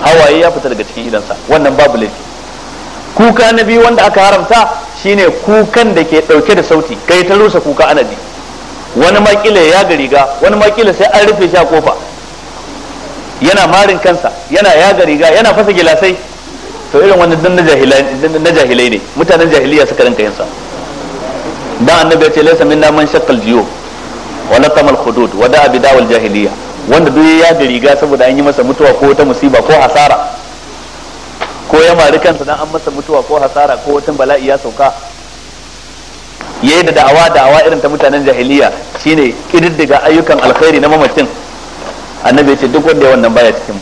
hawaye ya fita daga cikin idansa wannan babu laifi kuka na biyu wanda aka haramta shine kukan da ke ɗauke da sauti kai ta rusa kuka ana ji wani makila ya ga riga wani makila sai an rufe shi a kofa yana marin kansa yana ya ga riga yana fasa gilasai to irin wannan dan na jahilai ne mutanen jahiliya suka rinka yin sa dan annabi ya ce laysa minna man shaqqal jiyo wa tamal hudud wa da'a jahiliya wanda duk ya da riga saboda an yi masa mutuwa ko wata musiba ko hasara ko ya mari kansa dan an masa mutuwa ko hasara ko wata bala'i ya sauka yayi da da'awa da'awa irin ta mutanen jahiliya shine kididdiga ayyukan alkhairi na mamacin annabi ya ce duk wanda ya wannan baya cikin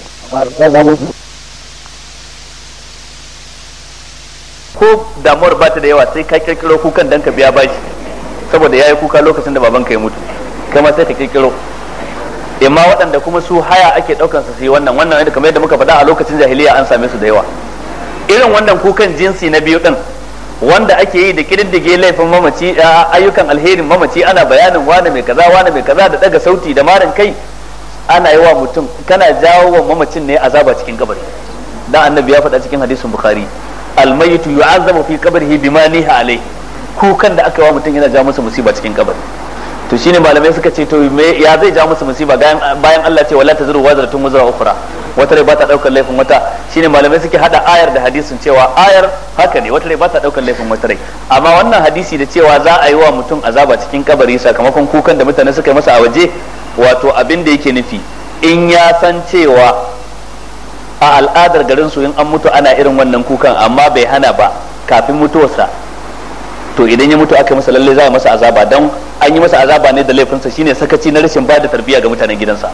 ko damuwar ba ta da yawa sai ka kirkiro kukan dan ka biya bashi saboda yayi kuka lokacin da babanka ya mutu kai ma sai ka kirkiro imma waɗanda kuma su haya ake ɗaukan su yi wannan wannan yadda kamar yadda muka faɗa a lokacin jahiliya an same su da yawa irin wannan kukan jinsi na biyu ɗin wanda ake yi da kididdige laifin mamaci ayyukan alherin mamaci ana bayanin wane mai kaza wane mai kaza da daga sauti da marin kai ana yi wa mutum kana jawo wa mamacin ne azaba cikin kabari da annabi ya faɗa cikin hadisin bukhari almayitu yu'azzamu fi qabrihi bima niha alayhi kukan da aka yi wa mutum yana jawo masa musiba cikin kabari to shine malamai suka ce to me ya zai ja musu musiba bayan Allah ce wala tazuru wazratun muzra ukhra wata rai ba ta daukar laifin wata shine malamai suke hada ayar da hadisin cewa ayar haka ne wata rai ba ta daukar laifin wata rai amma wannan hadisi da cewa za a yi wa mutum azaba cikin kabari sakamakon kukan da mutane suka yi masa a waje wato abin da yake nufi in ya san cewa a al'adar garin su in an mutu ana irin wannan kukan amma bai hana ba kafin mutuwarsa to idan ya mutu aka masa lalle za a masa azaba don an yi masa azaba ne da laifinsa shine sakaci na rashin ba da tarbiyya ga mutanen gidansa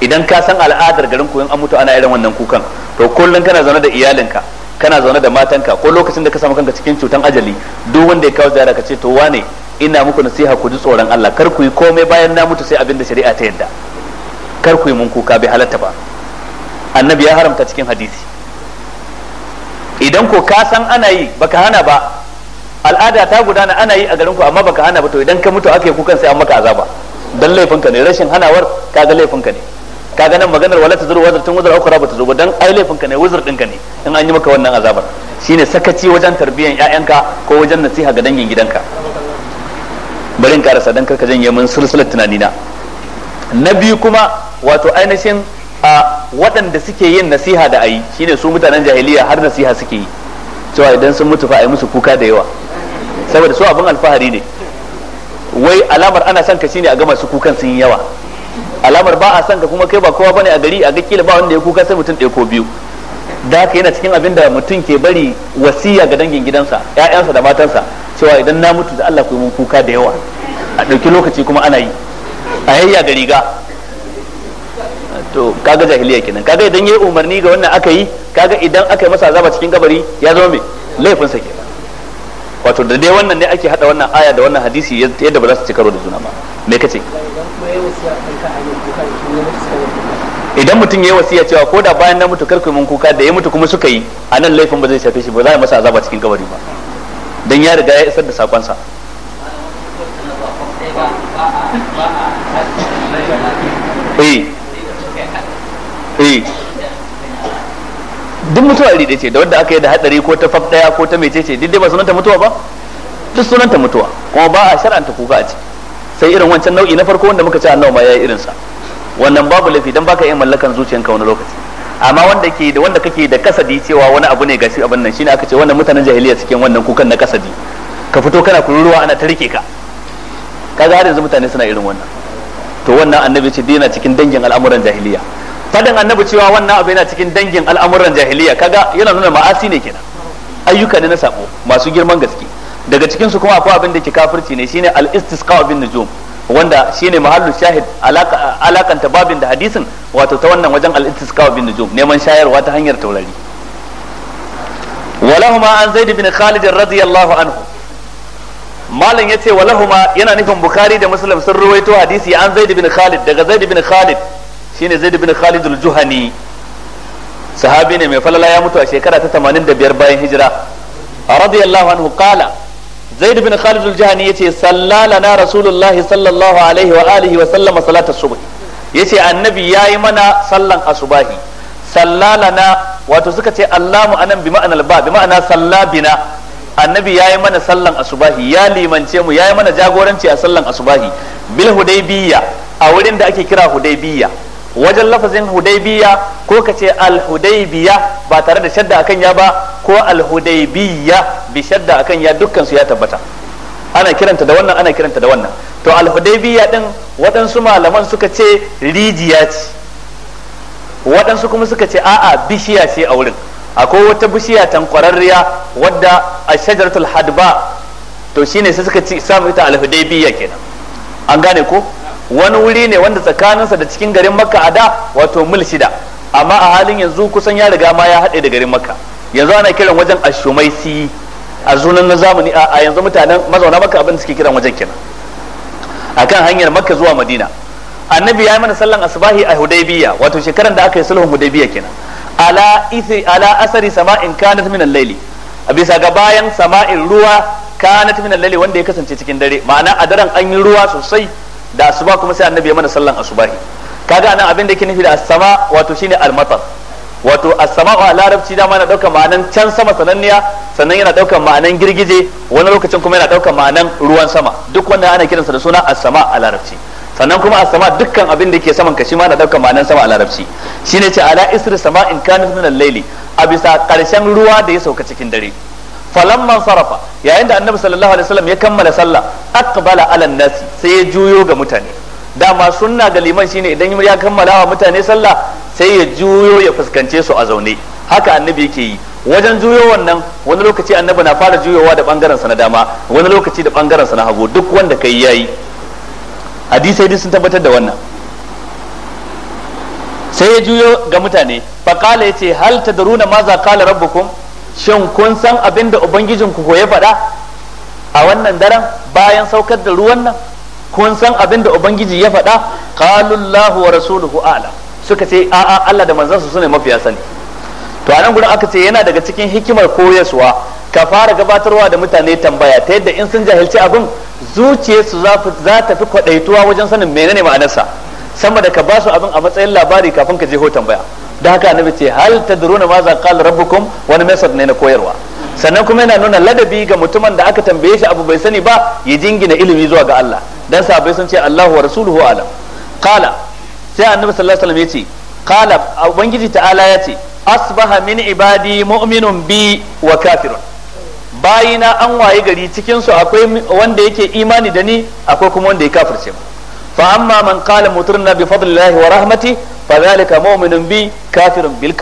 idan ka san al'adar garin koyon an mutu ana irin wannan kukan to kullum kana zaune da iyalinka kana zaune da matanka ko lokacin da ka samu kanka cikin cutan ajali duk wanda ya kawo ziyara ka ce to wane ina muku nasiha ku ji tsoron Allah kar ku yi komai bayan na mutu sai abin da shari'a ta yadda kar ku yi mun kuka bai halatta ba annabi ya haramta cikin hadisi idan ko ka san ana yi baka hana ba al'ada ta gudana ana yi a garin ku amma baka hana ba to idan ka mutu ake kukan sai an maka azaba dan laifinka ne rashin hanawar kaga laifinka ne kaga nan maganar wala tazuru tun wazra ukhra ba tazo ba dan ai laifinka ne wazr dinka ne in an yi maka wannan azabar shine sakaci wajen tarbiyan ƴaƴanka ko wajen nasiha ga dangin gidanka bari in karasa dan karka janye mun sulsulat tunani na na biyu kuma wato ainihin a waɗanda suke yin nasiha da ayi shine su mutanen jahiliya har nasiha suke yi cewa idan sun mutu fa a yi musu kuka da yawa saboda su abin alfahari ne wai alamar ana son ka shine a ga masu kukan sun yi yawa alamar ba a son ka kuma kai ba kowa bane a gari a ga kila ba wanda ya kuka sai mutum ɗaya ko biyu da haka yana cikin abin da mutum ke bari wasiya ga dangin gidansa ƴaƴansa da matansa cewa idan na mutu da Allah ku mun kuka da yawa a ɗauki lokaci kuma ana yi a yayya ga riga to kaga jahiliya kenan kaga idan yayi umarni ga wannan aka yi kaga idan aka yi masa azaba cikin kabari ya zama me laifin sa kenan wato da dai wannan ne ake hada wannan aya da wannan hadisi yadda ba za su ci karo da juna ba me kace idan mutum ya wasiya cewa ko da bayan na mutu karku mun kuka da ya mutu kuma suka yi a nan laifin ba zai shafe shi ba za a masa azaba cikin kabari ba dan ya riga ya isar da sa eh eh duk mutuwa iri ɗaya ce da wadda aka yi da hadari ko ta fab ɗaya ko ta mecece duk dai ba sunanta mutuwa ba duk sunanta mutuwa kuma ba a shar'anta kuka a ce sai irin wancan nau'i na farko wanda muka ce annawa ma yayi irin sa wannan babu laifi dan baka iya mallakan zuciyanka wani lokaci amma wanda ke da wanda kake da kasadi cewa wani abu ne gashi abin nan shine aka ce wannan mutanen jahiliya cikin wannan kukan na kasadi ka fito kana kururuwa ana ta rike ka kaga har yanzu mutane suna irin wannan to wannan annabi ce dina cikin dangin al'amuran jahiliya fadin annabi cewa wannan abu yana cikin dangin al'amuran jahiliya kaga yana nuna ma'asi ne kenan ayyuka ne na sako masu girman gaske daga cikin su kuma akwai abin da ke kafirci ne shine al-istisqa bin nujum wanda shine mahallu shahid alakanta babin da hadisin wato ta wannan wajen al-istisqa bin nujum neman shayarwa ta hanyar taurari walahuma an zaid bin khalid radiyallahu anhu malam yace walahuma yana nufin bukhari da muslim sun ruwaito hadisi an zaid bin khalid daga zaid bin khalid shine zaid bin khalid al-juhani sahabi ne mai falala ya mutu a shekara ta 85 bayan hijira radiyallahu anhu qala zaid bin khalid al-juhani yace sallala na rasulullahi sallallahu alaihi wa alihi wa sallama salatul subh yace annabi yayi mana sallan asubahi sallala na wato suka ce allamu anan bi ma'anal ba bi ma'ana sallabina annabi ya yi mana sallan asubahi ya limance mu ya yi mana jagoranci a sallan asubahi bil hudaybiya a wurin da ake kira hudaybiya wajen lafazin hudaibiya ko ka ce alhudaibiya ba tare da shadda akan ya ba ko alhudaibiya bi shadda akan ya dukkan su ya tabbata ana kiranta da wannan ana kiranta da wannan to alhudaibiya din waɗansu malaman suka ce rijiya ce waɗansu kuma suka ce a'a bishiya ce a wurin akwai wata bishiya tankwararriya wadda a shajaratul hadba to shine sai suka ci samu ita al kenan an gane ko wani wuri ne wanda tsakaninsa da cikin garin makka a da wato mil shida amma a halin yanzu kusan ya riga ma ya haɗe da garin makka yanzu ana kiran wajen ashumaisi a sunan na zamani a yanzu mutanen mazauna makka abin da suke kiran wajen kenan akan hanyar makka zuwa madina annabi ya yi mana sallan asubahi a hudaybiya wato shekaran da aka yi sulhun hudaybiya kenan ala ithi ala asari sama'in kanat min al-layli a bisa ga bayan sama'in ruwa kanat min al-layli wanda ya kasance cikin dare ma'ana a daren an yi ruwa sosai da asuba kuma sai annabi ya mana sallan asubahi kaga anan abin da yake nufi da asama wato shine almatar wato asama a larabci dama yana daukar ma'anan can sama sananniya sannan yana daukar ma'anan girgije wani lokacin kuma yana daukar ma'anan ruwan sama duk wanda ana kiransa da suna asama a larabci sannan kuma asama dukkan abin da ke saman ka shi ma na daukan ma'anan sama a larabci shine ce ala isri sama in kanat min al-layli a bisa karshen ruwa da ya sauka cikin dare falamman sarafa yayin da annabi sallallahu alaihi wasallam ya kammala sallah aqbala ala nasi sai ya juyo ga mutane dama sunna ga liman shine idan ya kammala wa mutane sallah sai ya juyo ya fuskance su a zaune haka annabi yake yi wajen juyo wannan wani lokaci annabi na fara juyowa da bangaren sa na dama wani lokaci da bangaren sa na hagu duk wanda kai yayi hadisai duk sun tabbatar da wannan sai ya juyo ga mutane ya yace hal tadruna maza qala rabbukum shin kun san abin da ubangijinku ya faɗa a wannan daren bayan saukar da ruwan nan kun san abin da ubangiji ya faɗa qalullahu wa rasuluhu ala suka ce a'a Allah da manzansa sune mafiya sani to anan gurin aka ce yana daga cikin hikimar koyaswa ka fara gabatarwa da mutane tambaya ta yadda in sun jahilci abin zuciyarsu za ta fi kwadaituwa wajen sanin menene ma'anarsa sama da ka ba su abin a matsayin labari kafin ka je ho tambaya da haka annabi ce hal tadruna ma maza qala rabbukum wani message ne na koyarwa sannan kuma yana nuna ladabi ga mutumin da aka tambaye shi abu bai sani ba ya jingina ilimi zuwa ga Allah dan sahabbai sun ce Allahu wa rasuluhu alam qala sai annabi sallallahu alaihi wasallam ya ce qala ubangiji ta'ala ya ce asbaha min ibadi mu'minun bi wa kafirun bayina an waye gari cikin su akwai wanda yake imani da ni akwai kuma wanda ya kafirce mu fa amma man qala muturna bi fadlillahi wa rahmati fa mu'minun bi kafirun bil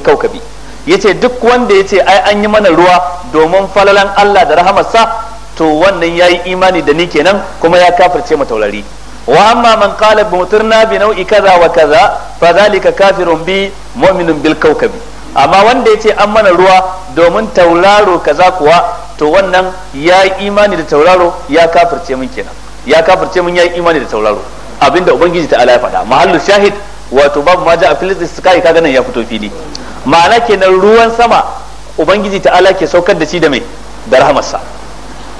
kawkabi yace duk wanda yace ai an yi mana ruwa domin falalan Allah da rahamarsa to wannan yayi imani da ni kenan kuma ya kafirce taurari wa amma man qala bi mutirna bi nau'i kaza wa kaza fa zalika kafirun bi mu'minun bil kawkabi amma wanda yace an mana ruwa domin tauraro kaza kuwa to wannan yayi imani da tauraro ya kafirce min kenan ya kafirce mun yayi imani da tauraro abinda ubangiji ta ala ya faɗa mahallul shahid wato babu ma ja'a fil istisqa'i kaga nan ya fito fili ma'ana kenan ruwan sama ubangiji ta'ala ke saukar da shi da mai da rahamarsa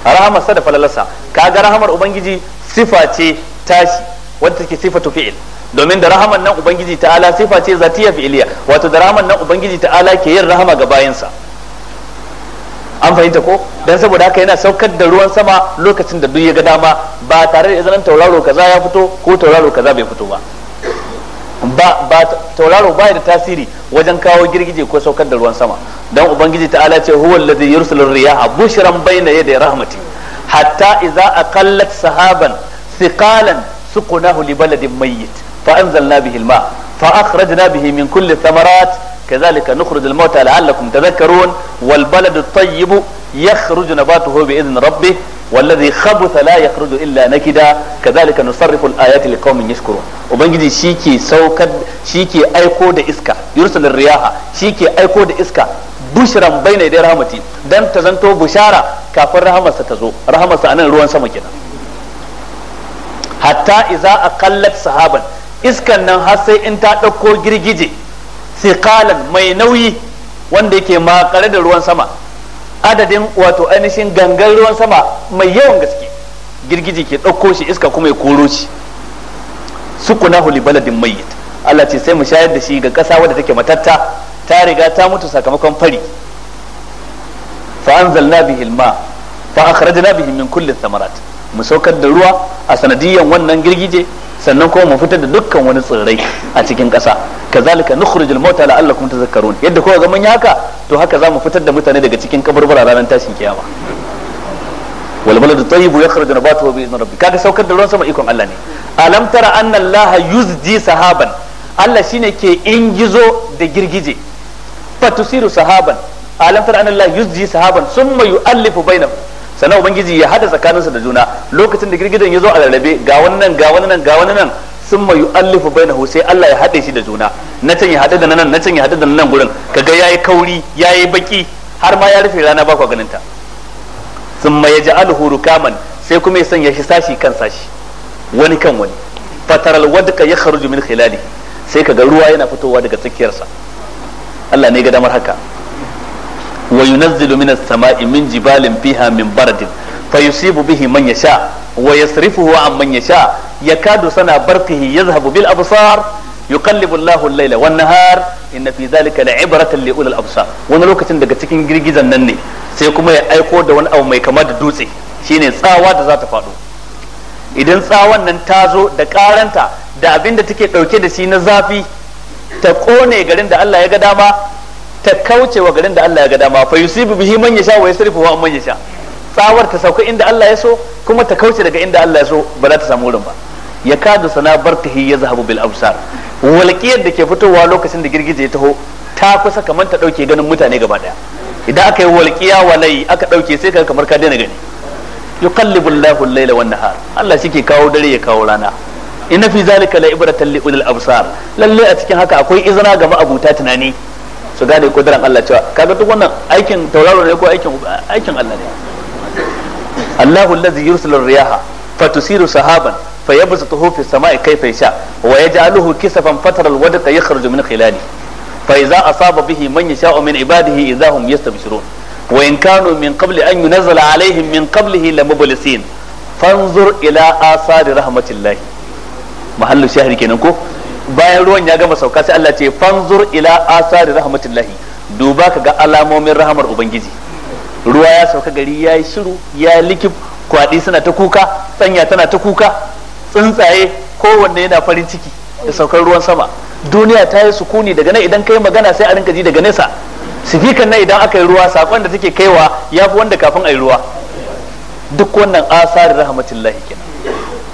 rahamarsa da falalarsa kaga rahamar ubangiji sifa ce tashi wadda take sifatu fi'il domin da rahamar nan ubangiji ta'ala sifa ce zatiya fi'iliya wato da rahamar nan ubangiji ta'ala ke yin rahama ga bayansa an fahimta ko dan saboda haka yana saukar da ruwan sama lokacin da duk ya ga dama ba tare da izinin tauraro kaza ya fito ko tauraro kaza bai fito ba ba ba tauraro ba da tasiri wajen kawo girgije ko saukar da ruwan sama don ubangiji ta'ala ce huwa allazi yursilu riyaha bushran bayna yaday rahmati hatta idza aqallat sahaban thiqalan suqnahu li baladin mayyit fa anzalna bihi alma fa akhrajna bihi min kulli thamarat كذلك نخرج الموتى لعلكم تذكرون والبلد الطيب يخرج نباته بإذن ربه wallazi khabutha la yakhruju illa nakida kadhalika nusarrifu al-ayati liqaumin ubangiji shike saukar shike aiko da iska yursalir riyaha shike aiko da iska bushran baina da rahmati dan ta zanto bushara kafin rahamarsa ta zo rahamarsa anan ruwan sama kenan hatta idza aqallat sahaban iskan nan har sai in ta dauko girgije thiqalan mai nauyi wanda yake makare da ruwan sama adadin wato ainihin gangan ruwan sama mai yawan gaske girgiji ke ɗauko shi iska kuma ya koro shi sukunahu li baladin mayyit Allah ce sai mu shayar da shi ga ƙasa wadda take matatta ta riga ta mutu sakamakon fari fa anzalna bihi hilma. fa akhrajna bihi min kulli thamarat mu saukar da ruwa a sanadiyan wannan girgije sannan kuma mu fitar da dukkan wani tsirrai a cikin ƙasa kazalika nukhrijul mauta la'allakum tazakkarun yadda kowa ga mun yi haka to haka zamu fitar da mutane daga cikin kaburbura ranar tashin kiyama wal baladu tayyibu yakhruju nabatuhu bi idni rabbih kaga saukar da ruwan sama ikon Allah ne alam tara anna Allah yuzji sahaban Allah shine ke ingizo da girgije fatusiru sahaban alam tara anna Allah yuzji sahaban summa yu'allifu bainahum sannan ubangiji ya hada tsakaninsu da juna lokacin da girgidan ya zo a rarrabe ga wannan ga wannan ga wannan sun mai yu'allifu baina sai Allah ya haɗe shi da juna na can ya haɗe da nan na can ya haɗe da nan gurin kaga yayi kauri yayi baki har ma ya rufe rana ba kwa ganin ta sun mai yaj'aluhu kaman sai kuma ya sanya shi sashi kan sashi wani kan wani fataral wadka yakhruju min khilali sai ka ga ruwa yana fitowa daga tsakiyarsa Allah ne ga damar haka wa yunazzilu minas sama'i min jibalin fiha min baradin fa yusibu bihi man yasha wa yasrifuhu an man yasha yakadu sana barqihi yadhhabu bil absar yuqallibu Allahu al-laila wan nahar inna fi dhalika la'ibratan li ulil absar wani lokacin daga cikin girgizan nan ne sai kuma ya aiko da wani abu mai kama da dutse shine tsawa da za ta faɗo idan tsawan nan ta zo da karanta da abin da take ɗauke da shi na zafi ta kone garin da Allah ya ga dama ta kauce wa garin da Allah ya ga dama fa yusibu bihi man yasha wa yasrifu wa man yasha tsawar ta sauka inda Allah ya so kuma ta kauce daga inda Allah ya so ba za ta samu wurin ba ya kadu sana ta ya zahabu bil absar walqiyar da ke fitowa lokacin da girgije ya taho ta kusa kamar ta dauke ganin mutane gaba daya idan aka yi walqiya walai aka dauke sai ka kamar ka daina gani yuqallibu Allahu al-laila wan nahar Allah shi ke kawo dare ya kawo rana inna fi zalika la ibratan li ulil absar lalle a cikin haka akwai izina ga ma'abuta tunani su gane kudaran Allah cewa kaga duk wannan aikin tauraro ne ko aikin aikin Allah ne Allahu allazi yursilu riyaha fatusiru sahaban fayabsutuhu fi samai kayfa yasha wa yaj'aluhu kisafan fatara alwadqa yakhruju min khilali fa idza asaba bihi man yasha'u min ibadihi idza hum yastabshirun wa in kanu min qabli an yunazzala alaihim min qablihi lamublisin fanzur ila asari rahmatillahi mahallu shahri kenan ko bayan ruwan ya gama sauka sai Allah ce fanzur ila asari rahmatullahi duba ka ga alamomin rahamar ubangiji ruwa ya sauka gari ya yi shiru ya yi likif kwadi suna ta kuka tsanya tana ta kuka tsuntsaye kowanne yana farin ciki da saukar ruwan sama duniya ta yi sukuni daga nan idan kai magana sai a rinka ji daga nesa sifikan nan idan aka yi ruwa sakon da take kaiwa ya fi wanda kafin a yi ruwa duk wannan asari rahmatullahi kenan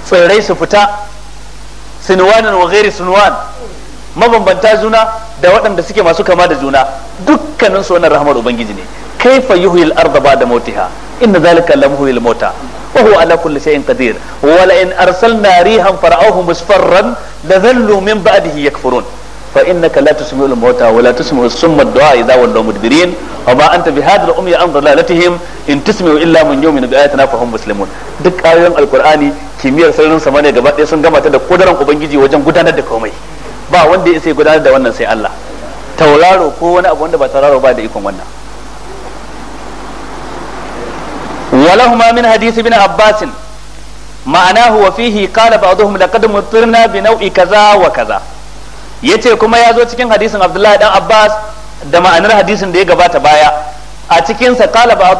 tsirrai su fita sinwanin wa ghairi mabambanta juna da waɗanda suke masu kama da juna dukkanin su wannan rahmar ubangiji ne kaifa yuhyil arda ba'da mautiha inna zalika la muhyil mauta wa huwa ala kulli shay'in qadir wa la in arsalna rihan fara'ahu musfarran la dhallu min ba'dihi yakfurun fa innaka la al mauta wa la tusmi'u summa du'a idza wallaw mudbirin wa ma anta bihadhal ummi an dalalatihim in tusmi'u illa man yu'minu bi ayatina fa hum muslimun duk ayoyin al-qur'ani kimiyyar sararin sama ne gaba ɗaya sun gama ta da kudaran ubangiji wajen gudanar da komai ba wanda ya sai gudanar da wannan sai Allah tauraro ko wani abu wanda ba tauraro ba da ikon wannan ولهما من حديث ابن عباس معناه وفيه قال بعضهم لقد مطرنا بنوع كذا وكذا Ya ce kuma ya zo cikin hadisin Abdullahi dan Abbas da ma'anar hadisin da ya gabata baya a cikinsa kala ba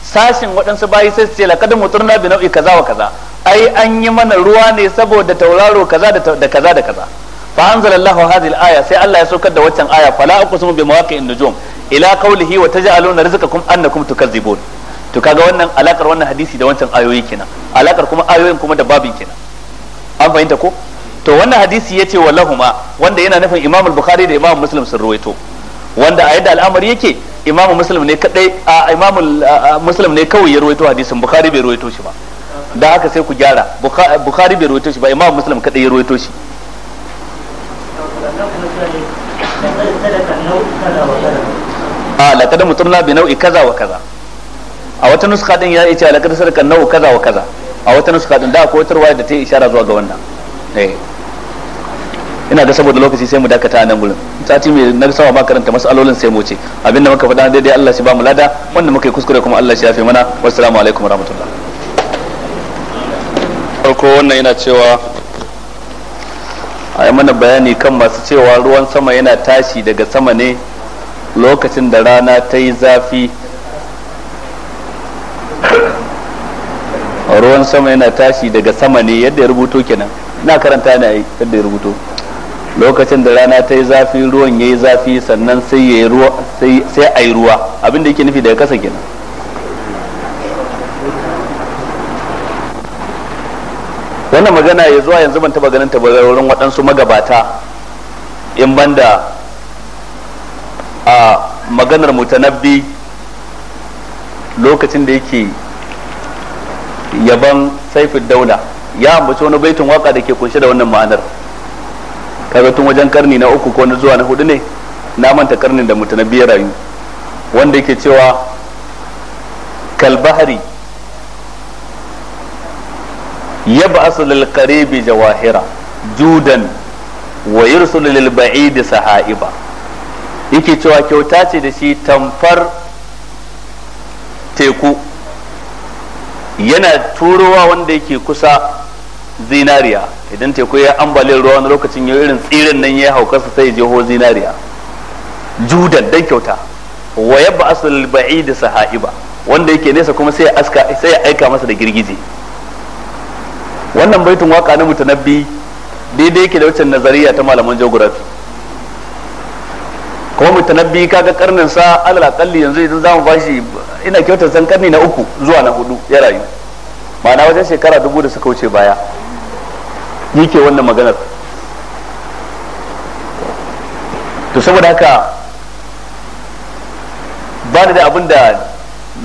sashin waɗansu bayi sai su ce laqad muturna bi nau'i kaza wa kaza ai an yi mana ruwa ne saboda tauraro kaza da kaza da kaza fa anzalallahu hadhihi al-aya sai Allah ya saukar da waccan aya fala aqsimu bi mawaqi'in nujum ila qawlihi wa taj'aluna rizqakum annakum tukazzibun to kaga wannan alakar wannan hadisi da wancan ayoyi kenan alakar kuma ayoyin kuma da babin kenan an fahimta ko to wannan hadisi yace walahuma wanda yana nufin imamul bukhari da imamul Muslim sun ruwaito wanda a yadda al'amari yake imamu Muslim ne kadai a imamu Muslim ne kawai ya ruwaito hadisin Bukhari bai ruwaito shi ba da haka sai ku gyara Bukhari bai ruwaito shi ba imamu Muslim kadai ya ruwaito shi a mutum na bi nau'i kaza wa kaza a wata nuska din ya yace laqad sarka nau'i kaza wa kaza a wata nuska din da akwai wata ruwaya da ta yi isharar zuwa ga wannan eh ina ga saboda lokaci sai mu dakata nan gurin sati mai na sama ba karanta masalolin sai mu ce abinda muka faɗa daidai Allah shi ba mu lada wanda muka yi kuskure kuma Allah shi ya fi mana wassalamu alaikum warahmatullahi farko wannan yana cewa a yi mana bayani kan masu cewa ruwan sama yana tashi daga sama ne lokacin da rana ta yi zafi ruwan sama yana tashi daga sama ne yadda ya rubuto kenan na karanta na yi yadda ya rubuto lokacin da rana ta yi zafi ruwan ya yi zafi sannan sai ruwa a yi ruwa abinda yake nufi daga kasa gina wannan magana ya zuwa yanzu ban taba ganin wurin waɗansu magabata in banda a maganar mutanabbi lokacin da yake yaban saifin daula ya ambaci wani baitin waka da ke kunshe da wannan ma'anar kaga tun wajen karni na uku ko na zuwa na hudu ne na manta karnin da mutu na biyar rayu wanda yake cewa kalbahari yab'asu lil qaribi jawahira judan wa yursilu lil ba'idi sahaiba yake cewa kyauta ce da shi tamfar teku yana turowa wanda yake kusa zinariya idan teku ya ambaliyar ruwa na lokacin yau irin tsirin nan ya hauka su sai jeho zinariya judan dan kyauta wa yabba asal ba'id ba. wanda yake nesa kuma sai aska sai ya aika masa da girgije wannan baitun waka na mutanabbi daidai yake da waccan nazariya ta malaman geography kuma mutanabbi kaga karnin sa alalakalli yanzu idan zamu bashi ina kyautar san karni na uku zuwa na hudu ya rayu ma'ana wajen shekara dubu da suka wuce baya yake wannan maganar to saboda haka ba da abin da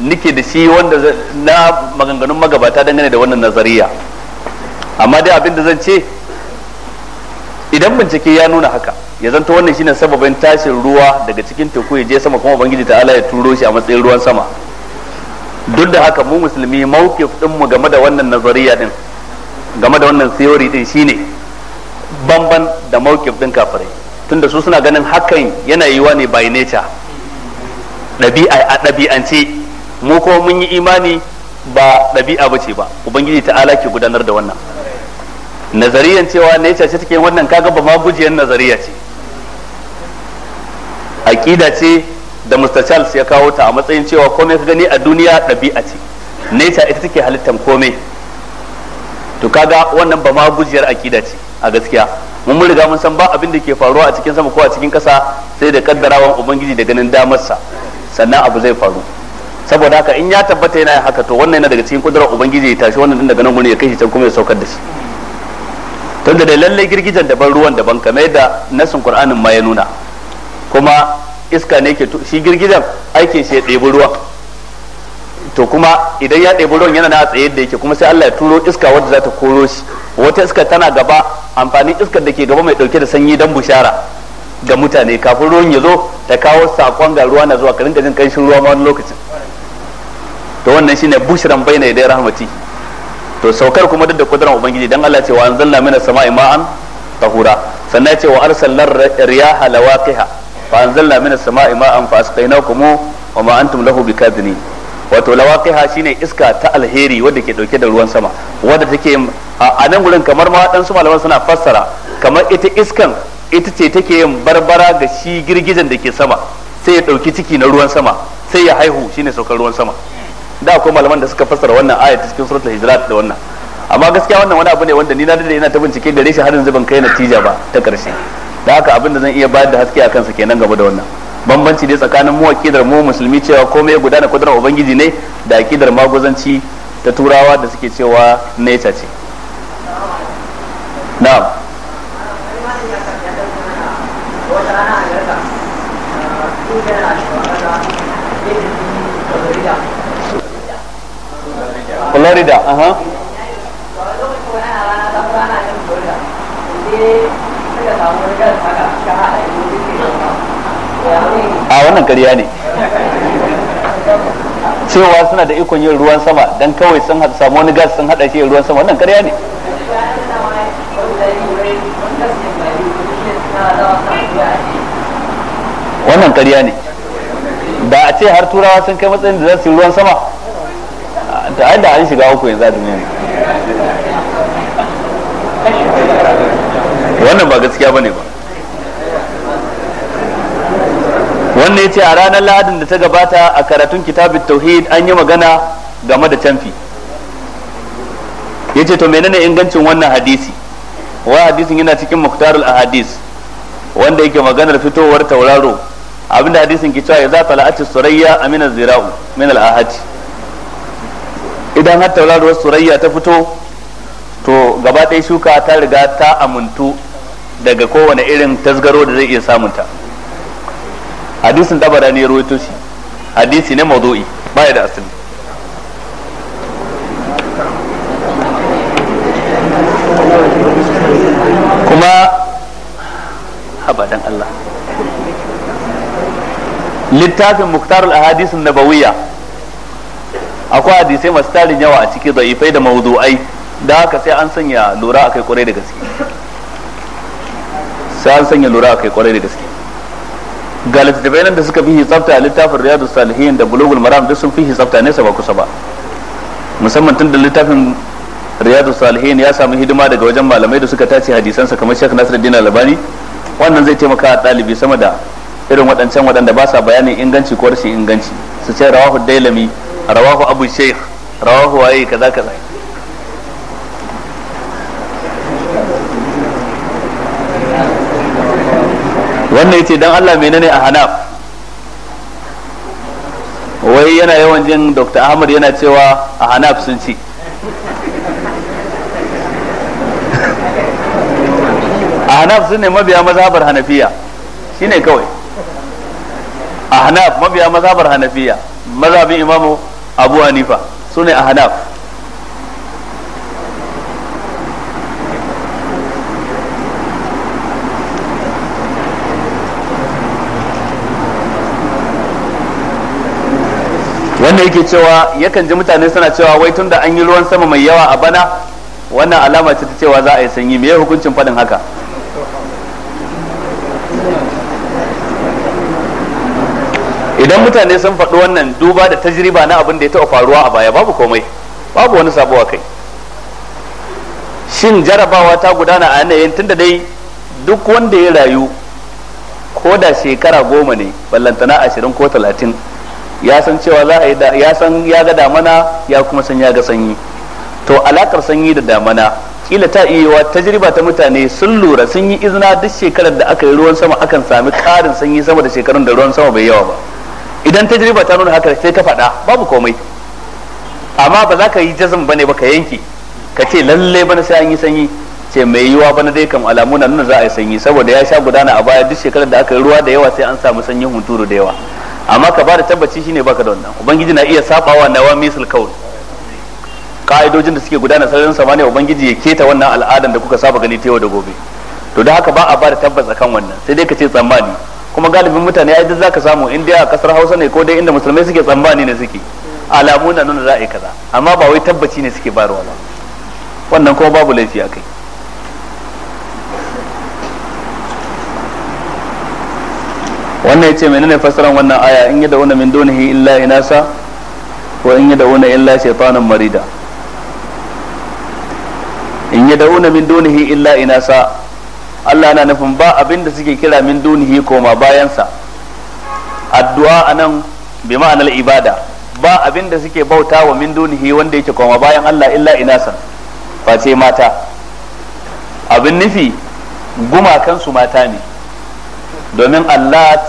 nike da shi wanda na maganganun magabata dangane da wannan nazariya amma dai abin da zan ce idan bincike ya nuna haka ya zanto wannan shine sababin tashin ruwa daga cikin teku ya je sama kuma ubangiji ta'ala ya turo shi a matsayin ruwan sama duk da haka mu musulmi mawkif din mu game da wannan nazariya din game da wannan theory din shine banban da mawkif din kafirai tunda su suna ganin hakan yana yiwa ne by nature ɗabi'a a ɗabi'ance mu ko mun yi imani ba ɗabi'a ba ce ba ubangiji ta'ala ke gudanar da wannan nazariyan cewa nature ce take wannan kaga ba ma gujiyan nazariya ce aqida ce da Mr. Charles ya kawo ta a matsayin cewa komai ka gani a duniya ɗabi'a ce nature ita take halittar komai to kaga wannan ba ma gujiyar akida ce a gaskiya mun mun riga mun san ba abin da ke faruwa a cikin sama ko a cikin kasa sai da kaddarawan ubangiji da ganin damarsa sannan abu zai faru saboda haka in ya tabbata yana haka to wannan yana daga cikin kudurar ubangiji ya tashi wannan din daga nan gurin ya kai shi can kuma ya saukar da shi tun da lallai girgijen daban ruwan daban kamar yadda nasin qur'anin ma ya nuna kuma iska ne ke shi girgijen aikin shi ya ɗebi ruwan to kuma idan ya ɗebi ruwan yana na tsaye da yake kuma sai Allah ya turo iska wadda za ta koro shi wata iska tana gaba amfanin iskar da ke gaba mai ɗauke da sanyi don bushara ga mutane kafin ruwan ya zo ta kawo sakon ga ruwa na zuwa ka rinka jin kanshin ruwa ma wani lokacin to wannan shine bushran na idan rahmati to saukar kuma duk da kudurar ubangiji dan Allah ce wa anzalna minas sama'i ma'an tahura sannan ce wa arsalna riyaha lawaqiha fa anzalna minas sama'i ma'an fa asqaynakum wa ma antum lahu bikadhibin wato lawaqiha shine iska ta alheri wadda ke dauke da ruwan sama wadda take a nan gurin kamar ma dan su malaman suna fassara kamar ita iskan ita ce take yin barbara ga shi girgijen da ke sama sai ya dauki ciki na ruwan sama sai ya haihu shine saukar ruwan sama da akwai malaman da suka fassara wannan ta cikin suratul hijrat da wannan amma gaskiya wannan wani abu ne wanda ni na da ina ta bincike da shi har yanzu ban kai natija ba ta karshe da haka abin da zan iya bayar da haske a kansa kenan gaba da wannan bambanci dai tsakanin mu akidar mu musulmi cewa komai guda da kudurar ubangiji ne da akidar maguzanci ta turawa da suke cewa nature ce na'am Florida, aha. Uh -huh. wannan ƙarya ne cewa suna da ikon yin ruwan sama dan kawai sun samu wani gas sun hada shi yin ruwan sama wannan ƙarya ne wannan ƙarya ne da a ce har turawa sun kai matsayin da za su yi ruwan sama da an da an shiga uku yanzu a duniya ne wannan ba gaskiya bane ba wannan yace a ranar lahadin da ta gabata a karatun kitabin tauhid an yi magana game da canfi yace to menene ingancin wannan hadisi wa hadisin yana cikin muktarul ahadis wanda yake maganar fitowar tauraro abinda hadisin ke cewa idza za surayya amina zira'u min al-ahadi idan har tauraruwar surayya ta fito to gaba ɗaya shuka ta riga ta amintu daga kowane irin tasgaro da zai iya samunta hadisin tabara ne rawaito shi hadisi ne mawdu'i baya da asali kuma habadan Allah littafin muktar al-ahadis nabawiyya akwai hadisai masu tarin yawa a ciki da'ifai da mawdu'ai da haka sai an sanya lura akai kwarai da gaske sai an sanya lura akai kwarai da gaske ga littattafai nan da suka fi tsafta a littafin riyadu salihin da bulogul maram duk sun fi hisabta nesa ba kusa ba musamman tun da littafin riyadu salihin ya samu hidima daga wajen malamai da suka tace hadisansa kamar shek nasiruddin albani wannan zai taimaka a ɗalibi sama da irin waɗancan waɗanda ba sa bayanin inganci ko rashin inganci su ce rawahu dailami rawahu abu sheikh rawahu waye kaza kaza wannan yace dan Allah menene a hanaf wai yana yawan jin Dr. Ahmad yana cewa a hanaf sun ci a hanaf sun ne mabiya mazhabar hanafiya shine kawai a hanaf mabiya mazhabar hanafiya mazhabin imamu abu hanifa su ne a hanaf wanda yake cewa yakan ji mutane suna cewa wai tunda an yi ruwan sama mai yawa a bana wannan alama ce ta cewa za a yi sanyi me hukuncin faɗin haka idan mutane sun faɗi wannan duba da tajriba na abin da ya taɓa faruwa a baya babu komai babu wani sabo kai shin jarabawa ta gudana a yanayin tunda dai duk wanda ya rayu ko da shekara goma ne ballantana ashirin ko talatin ya san cewa za a yi ya san ya ga damana ya kuma san ya ga sanyi to alakar sanyi da damana kila ta iya yiwa tajriba ta mutane sun lura sun yi izina duk shekarar da aka yi ruwan sama akan sami karin sanyi sama da shekarun da ruwan sama bai yawa ba idan tajriba ta nuna haka sai ka faɗa babu komai amma ba za ka yi jazm bane ba ka yanke ka ce lalle bana sai an yi sanyi ce mai yiwa bana dai kam alamu na nuna za a yi sanyi saboda ya sha gudana a baya duk shekarar da aka yi ruwa da yawa sai an samu sanyin hunturu da yawa amma ka ba da tabbaci shine baka da wannan ubangiji na iya wa nawa misal kaul ka'idojin da suke gudana sararin samaniya ubangiji ya keta wannan al'adan da kuka saba gani ta yau da gobe to da haka ba a ba da tabbas akan wannan sai dai ka ce tsammani kuma galibin mutane ai duk zaka samu in dai a kasar Hausa ne ko dai inda musulmai suke tsammani ne suke alamu na nuna za a yi kaza amma ba wai tabbaci ne suke bayarwa ba wannan kuma babu laifi akai wannan ya yace menene fasaran wannan aya in wani min dunihi illa inasa Ko in wani illa shaytanan marida in wani min dunihi illa inasa Allah na nufin ba abin da suke kira min dunihi koma bayansa addu'a anan bi ma'anar ibada ba abin da suke bauta wa min dunihi wanda yake koma bayan Allah illa inasan face mata abin nufi gumakan su mata ne domin allat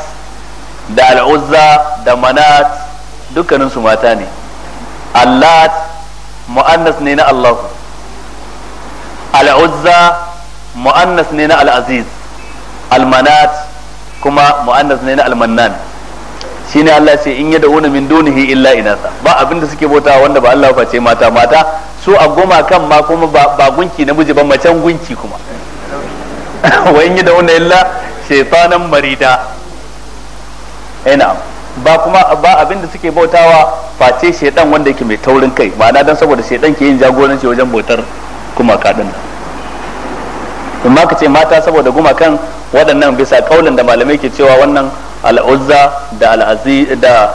da al'uzza da manat dukkaninsu mata ne allat mu'annas ne na allah al'uzza mu'annas ne na al'aziz almanat kuma mu'annas ne na almannan ne Allah ce in yada wuna min dunihi illa inasa ba abin da suke bauta wanda ba Allah face mata mata su a goma kan ma kuma ba gunki namiji ba macen gunki kuma [LAUGHS] wa in yada wuna illa shaytanan marida ina eh, ba kuma ba abin da suke bautawa face shaidan wanda yake mai taurin kai ma'ana dan saboda shaidan ke yin jagoranci wajen bautar kuma din in ma ka ce mata saboda gumakan waɗannan bisa kaulin da malamai ke cewa wannan al'uzza da al'azi da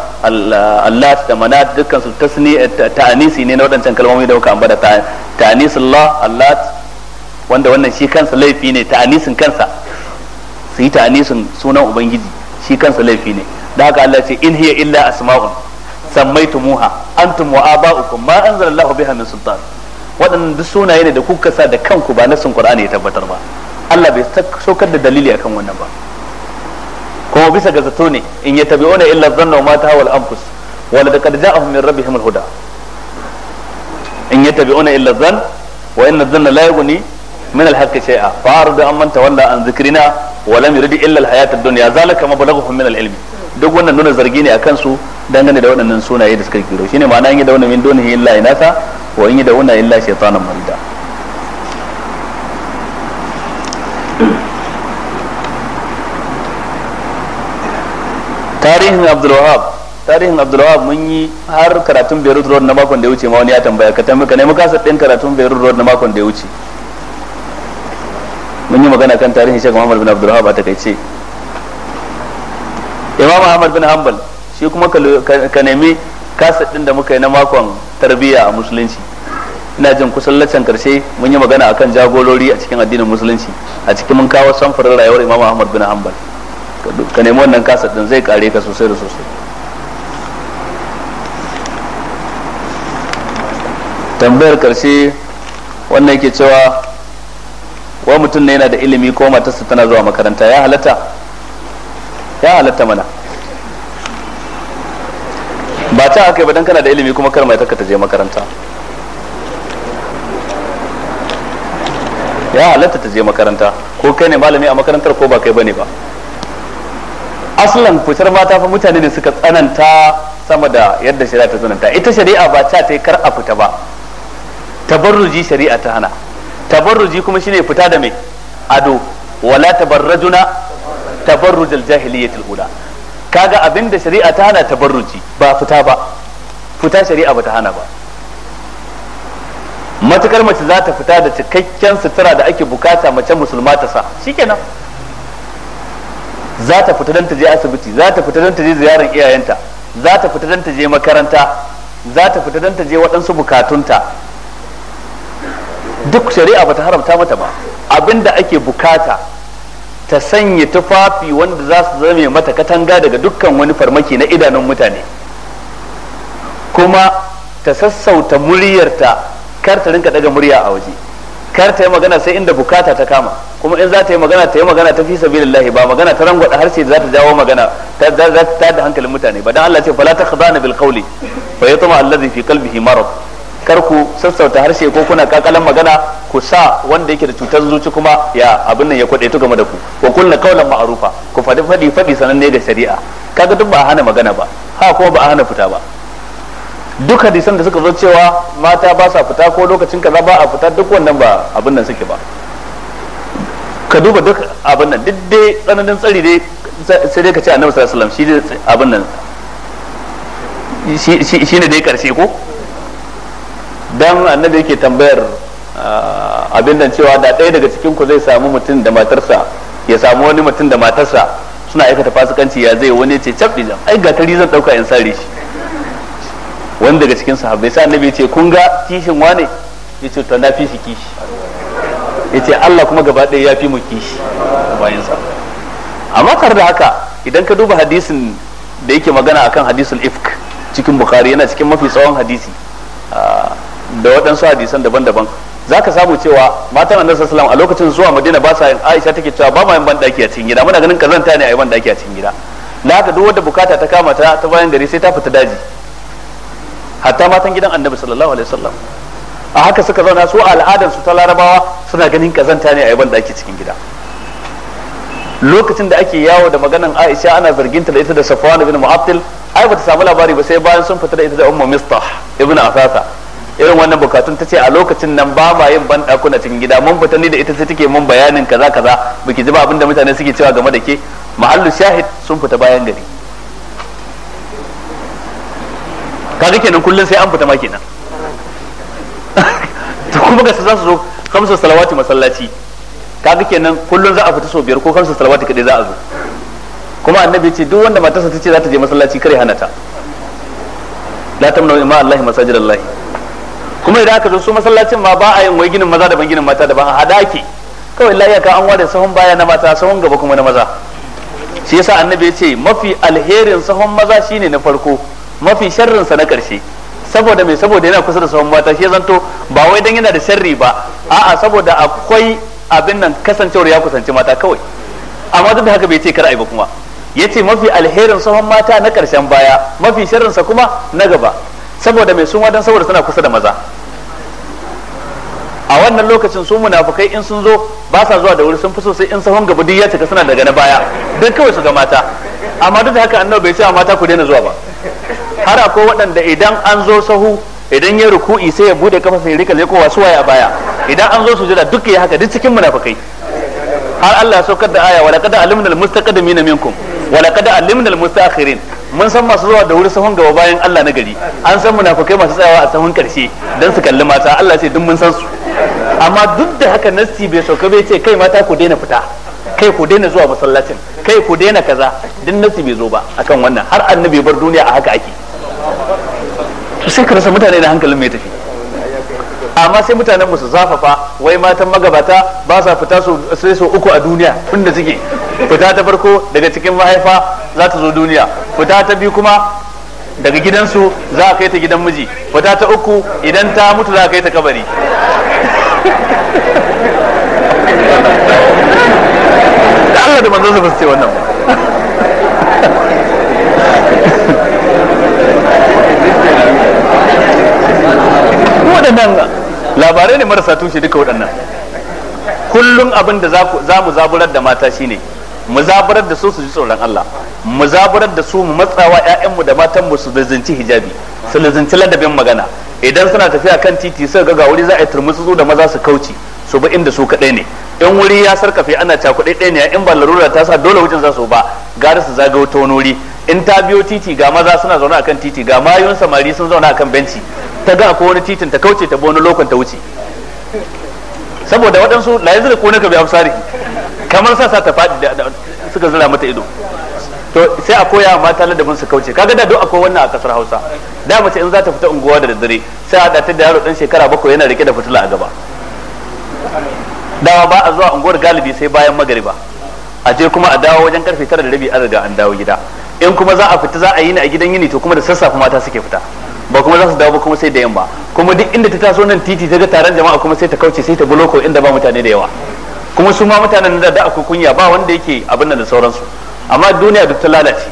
allat da manat dukkan su tasni ta'anisi ne na waɗancan kalmomi da muka ambata ta'anisullah allat wanda wannan shi kansa laifi ne ta'anisin kansa su yi sun sunan ubangiji shi kansa laifi ne da haka Allah ce in hiya illa asma'un sammaitumuha antum wa aba'ukum ma anzalallahu biha min sultan waɗannan duk sunaye ne da kuka sa da kanku ba nasin qur'ani ya tabbatar ba Allah bai saukar da dalili akan wannan ba kuma bisa ga zato ne in ya yattabi'una illa dhanna wa ma tahawal anfus da kadja ja'ahum min rabbihim al-huda in yattabi'una illa dhanna wa inna dhanna la yughni min الحق شيئا فارد ان an manta walla an ولم يرد الا الحياه الدنيا ذلك hayat ad-dunya zalika mablaghuhum duk wannan nuna zargi ne akan su dangane da waɗannan sunaye da suka kiro shine ma'ana yin da wannan min dunihi illa inasa wa yi da wannan illa shaytanan marida tarihin Abdul Wahab tarihin wahab mun yi har karatun beirut road na makon da ya wuce ma wani ya tambaya ka tambaya ka nemi kasar din karatun beirut road na makon da ya wuce mun yi magana kan tarihin ga Muhammad bin Abdul a takaice Imam muhammad bin Hanbal shi kuma ka nemi kasa din da muka yi na makon tarbiyya a musulunci ina jin kusan laccan karshe mun yi magana akan jagorori a cikin addinin musulunci a cikin mun kawo samfurin rayuwar Imam muhammad bin Hanbal ka nemi wannan kasa din zai kare ka sosai da sosai tambayar karshe wannan yake cewa wa mutum ne yana da ilimi ko matarsa tana zuwa makaranta ya halatta ya halatta mana ba ta aka yi ba dan kana da ilimi kuma kar mai ta je makaranta ya halatta ta je makaranta ko kai ne malami a makarantar ko ba kai bane ba aslan fitar mata fa mutane ne suka tsananta sama da yadda shari'a ta tsananta ita shari'a ba ta ta kar a fita ba tabarruji shari'a ta hana tabarruji kuma shine fita da mai ado wala tabarrajuna tabarruj aljahiliyatul ula kaga abinda shari'a ta hana tabarruji ba fita ba fita shari'a ba ta hana ba matukar mace za ta fita da cikakken sutura da ake bukata mace musulma ta sa shikenan za ta fita don ta je asibiti za ta fita don ta je ziyarar iyayenta za ta fita don ta je makaranta za ta fita don ta je waɗansu bukatunta duk shari'a bata haramta mata ba abinda ake bukata ta sanya tufafi wanda za su zame mata katanga daga dukkan wani farmaki na idanun mutane kuma ta sassauta muryarta kar ta rinka daga murya a waje kar ta yi magana sai inda bukata ta kama kuma in za ta yi magana ta yi magana ta fi sabilillahi ba magana ta rangwada sai za ta jawo magana ta da hankalin mutane ba dan Allah ce fala khadana bil qawli fa yatma alladhi fi qalbihi marad kar ku sassauta harshe ko kuna kakalan magana ku sa wanda yake da cutar zuci kuma ya abin nan ya kwade tu game da ku ko kullu qawlan ma'rufa ku fadi fadi fadi sananne da shari'a kaga duk ba a hana magana ba ha kuma ba a hana fita ba duk hadisan da suka zo cewa mata ba sa fita ko lokacin kaza ba a fita duk wannan ba abin nan suke ba ka duba duk abin nan duk dai tsananin tsari dai sai dai ka ce annabi sallallahu alaihi wasallam shi abin nan shi ne dai karshe ko dan annabi yake tambayar ah, abin nan cewa da ɗaya daga cikin ku zai samu mutum da matarsa ya samu wani mutum da matarsa suna aikata fasikanci ya zai wani ce cap dijan ai ga tari zan dauka in sare shi wani daga cikin sahabbai sai annabi ce kun ga kishin wane yace to na fi shi kishi yace Allah kuma gaba ɗaya ya fi mu kishi bayan sa amma kar da haka idan ka duba hadisin da yake magana akan hadisul ifk cikin bukhari yana cikin mafi tsawon hadisi ah, da waɗansu hadisan daban-daban za ka samu cewa matan annabi sallallahu a lokacin zuwa madina ba sa yin aisha take cewa ba ma yin ban daki a cikin gida muna ganin kazanta ne a yi ban daki a cikin gida na haka duk wanda bukata ta kama ta ta bayan gari sai ta fita daji hatta matan gidan annabi sallallahu alaihi wasallam a haka suka zauna su al'adan su ta larabawa suna ganin kazanta ne a yi ban daki cikin gida lokacin da ake yawo da maganan aisha ana zarginta da ita da safwan ibn mu'attil ai bata samu labari ba sai bayan sun fita da ita da ummu mistah ibn asasa irin wannan bukatun ta ce a lokacin nan ba ma yin ban dakuna cikin gida mun fita ni da ita sai take mun bayanin kaza kaza biki ji ba abinda mutane suke cewa game da ke mahallu shahid sun fita bayan gari kaga kenan kullun sai an fita ma kenan [LAUGHS] to kuma ga su za su zo kamsu salawati masallaci kaga kenan kullun za a fita so biyar ko kamsu salawati kadai za a zo kuma annabi ce duk wanda matarsa ta ce za ta je masallaci kare hana ta la tamnu ma allahi masajid kuma idan aka zo su masallacin ma ba a yin wai ginin maza daban ginin mata daban a hadaki kawai lafiya ka an ware sahun baya na mata sahun gaba kuma na maza shi yasa annabi ya ce mafi alherin sahun maza shine na farko mafi sharrin sa na karshe saboda mai saboda yana kusa da sahun mata shi zanto ba wai dan yana da sharri ba a'a saboda akwai abin nan kasancewar ya kusanci mata kawai amma duk da haka bai ce kar ai ba kuma yace mafi alherin sahun mata na karshen baya mafi sharrin sa kuma na gaba saboda mai sun wadan saboda suna kusa da maza a wannan lokacin su munafukai in sun zo ba sa zuwa da wuri sun fi so in sahun gaba duk ya cika suna daga na baya don kawai su ga mata amma duk da haka annabi bai ce mata ku daina zuwa ba har akwai waɗanda idan an zo sahu idan ya ruku'i sai ya bude kafa sai rika lekowa wasu waya baya idan an zo su jira duk ya haka duk cikin munafukai har Allah ya saukar da aya walaqad alimnal mustaqdimina minkum walaqad alimnal mustaakhirin mun san masu zuwa da wuri sahun gaba bayan Allah na gari an san munafukai masu tsayawa a sahun karshe don su kalli mata Allah sai duk mun san su amma duk da haka nasti bai sauka bai ce kai mata ku daina fita kai ku daina zuwa masallacin kai ku daina kaza duk nasti bai zo ba akan wannan har annabi bar duniya a haka ake to sai ka rasa mutane da hankalin mai tafi amma sai mutanen su zafafa wai matan magabata ba sa fita sai su uku a duniya inda suke fita ta farko daga cikin mahaifa za ta zo duniya fita ta biyu kuma daga gidansu za a kai ta gidan miji fita ta uku idan ta mutu za a kai ta kabari [LAUGHS] da Allah da manzon su ba su ce wannan [LAUGHS] waɗannan labarai ne marasa tushe duka waɗannan kullum abin da za mu zaburar da mata shine mu zaburar da su su ji tsoron Allah mu zaburar da su mu matsawa ƴaƴanmu da matanmu su zinci hijabi su lazzinci ladabin magana idan suna tafiya kan titi sai ga ga wuri za a yi turmutsu da maza su kauce su ba inda su kaɗai ne in wuri ya sarkafe ana cakuɗe ɗaya ne in ba larura ta sa dole wajen za su ba gara su zaga wata wani wuri in ta biyo titi ga maza suna zaune akan titi ga mayun samari sun zauna akan benci ta ga akwai wani titin ta kauce ta wani lokon ta wuce saboda waɗansu na yanzu da kone ka bi amsari kamar sa sa ta faɗi da suka zira mata ido to sai a koya ta ladabin su kauce kaga da duk akwai wannan a kasar Hausa da mace in za ta fita unguwa da daddare sai a ɗata da yaro dan shekara bakwai yana rike da fitila a gaba dawa ba a zuwa unguwar galibi sai bayan magariba a je kuma a dawo wajen karfe tara da rabi an riga an dawo gida in kuma za a fita za a yi ni a gidan yini to kuma da sassafe mata suke fita ba kuma za su dawo ba kuma sai da yamma kuma duk inda ta taso nan titi ta ga taron jama'a kuma sai ta kauce sai ta buloko inda ba mutane da yawa kuma su ma mutanen da da akwai kunya ba wanda yake abin nan da sauransu amma duniya duk ta lalace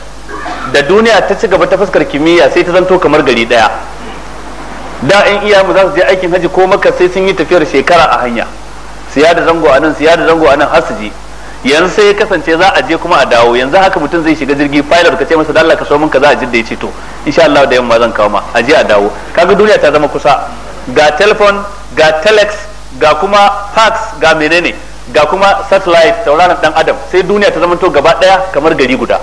da duniya ta ci gaba ta fuskar kimiyya sai ta zanto kamar gari daya da in iya mu za su je aikin haji ko maka sai sun yi tafiyar shekara a hanya siya da zango a nan siya da zango a nan har su je yanzu sai ya kasance za a je kuma a dawo yanzu haka mutum zai shiga jirgi pilot ka ce masa dalla ka so ka kaza a jidda ya ci to insha Allah da yamma zan kawo ma a je a dawo kaga duniya ta zama kusa ga telephone ga telex ga kuma fax ga menene ga kuma satellite tauraron dan adam sai duniya ta zama to gaba daya kamar gari guda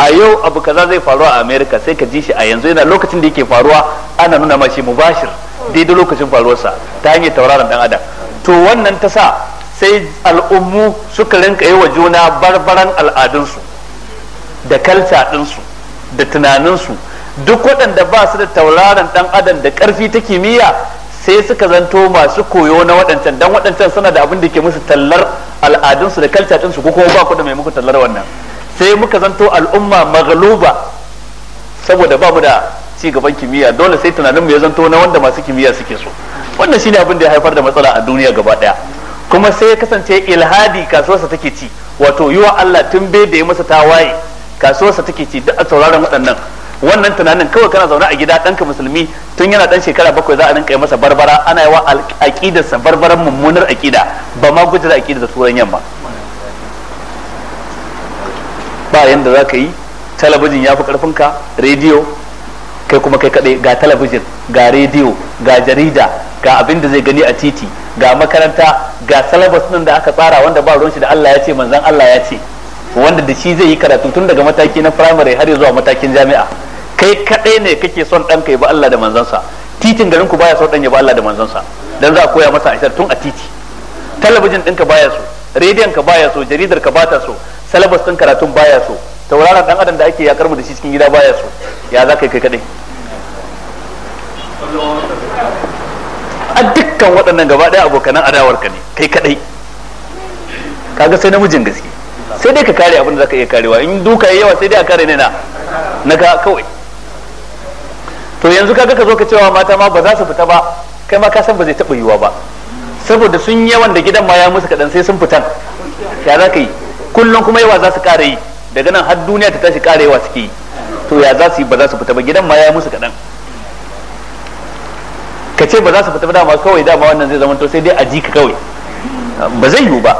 a yau abu kaza zai faru a america sai ka ji shi a yanzu yana lokacin da yake faruwa ana nuna mashi mubashir daidai lokacin faruwarsa ta hanyar tauraron dan adam to wannan ta sa sai al'ummu suka rinka yi wa juna barbaran al'adunsu da kalca ɗinsu da tunaninsu duk waɗanda ba su da tauraron ɗan adam da ƙarfi ta kimiyya sai suka zanto masu koyo na waɗancan don waɗancan suna da abin da ke musu tallar al'adunsu da kalca ɗinsu ko kuma ba ku da mai muku tallar wannan sai muka zanto al'umma magaluba saboda ba mu da ci gaban kimiyya dole sai mu ya zanto na wanda masu kimiyya suke so wannan shine abin da ya haifar da matsala a duniya gaba ɗaya kuma sai ya kasance ilhadi kasuwarsa take ci wato yi wa Allah tun bai da ya masa ta waye kasuwarsa take ci duk a sauraron waɗannan wannan tunanin kawai kana zaune a gida ɗanka musulmi tun yana ɗan shekara bakwai za a rinka yi masa barbara ana yawa wa aƙidarsa barbaran mummunar aƙida ba ma guji da aƙidar turan yamma ba yanda za ka yi talabijin ya fi ƙarfinka rediyo kai kuma kai kadai ga talabijin ga rediyo ga jarida ga abin da zai gani a titi ga makaranta ga salabas din da aka tsara wanda ba ruwan shi da Allah ya ce manzon Allah ya ce wanda da shi zai yi karatu tun daga mataki na primary har zuwa matakin jami'a kai kaɗai ne kake son dan kai ba Allah da sa titin garin ku baya son dan ya ba Allah da manzansa dan za a koya masa ashar tun a titi talabijin ɗinka baya so rediyon ka baya so jaridar ka bata so salabas din karatun baya so tauraron dan adam da ake yakar mu da shi cikin gida baya so ya za ka yi kai kadai a dukkan waɗannan gaba ɗaya abokanan adawar ka ne kai kadai kaga sai namijin gaske sai dai ka kare abin da zaka iya karewa in duka yi yawa sai dai a kare ne na na ka kawai to yanzu kaga ka zo ka cewa mata ma ba za su fita ba kai ma ka san ba zai taɓa yiwuwa ba saboda sun yawan da gidan ma ya musu kaɗan sai sun fitan ya za ka yi kullum kuma yawa za su ƙara yi daga nan har duniya ta tashi karewa suke yi to ya za su yi ba za su fita ba gidan ma ya musu kaɗan ka ce ba za su fita ba dama kawai dama wannan zai zama to sai dai a ji ka kawai ba zai yiwu ba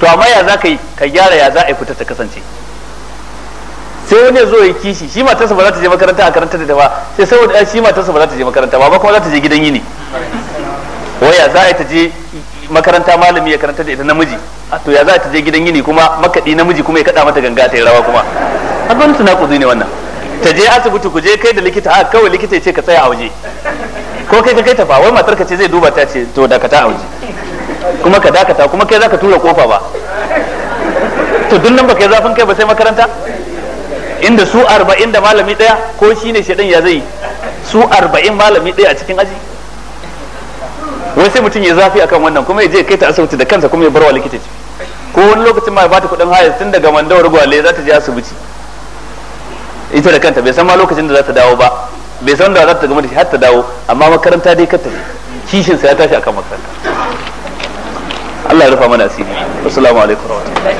to amma ya za ka yi ka gyara ya za a yi fita ta kasance sai wani ya zo ya kishi shi matarsa ba za ta je makaranta a karanta da ba sai saboda eh, shi matarsa ba za ta je makaranta ba kuma za ta je gidan yini waya za a yi ta je makaranta malami ya karanta da ita namiji a to ya za ta je gidan yini kuma makaɗi namiji kuma ya kaɗa mata ganga ta yi rawa kuma har wani kuzi ne wannan ta je asibiti ku je kai da likita a kawai likita ya ce ka tsaya a waje ko kai ka kai ta fa wai matar ka ce zai duba ta ce to dakata a waje kuma ka dakata kuma kai za ka tura kofa ba to duk nan baka yi zafin kai ba sai makaranta inda su arba'in da malami ɗaya ko shi ne shaɗan ya zai su arba'in malami ɗaya a cikin aji wai sai mutum ya zafi akan wannan kuma ya je kai ta asibiti da kansa kuma ya barwa likita ce ko wani lokacin ma ba ta kuɗin haya tun daga mandawar gwale za ta je asibiti ita da kanta bai san ma lokacin da za ta dawo ba bai san da za ta gama da shi har ta dawo amma makaranta dai ka kishin sa ya tashi akan makaranta Allah ya rufa mana asiri assalamu alaikum warahmatullahi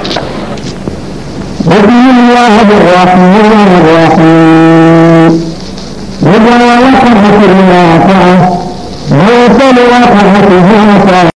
وجعل لكم في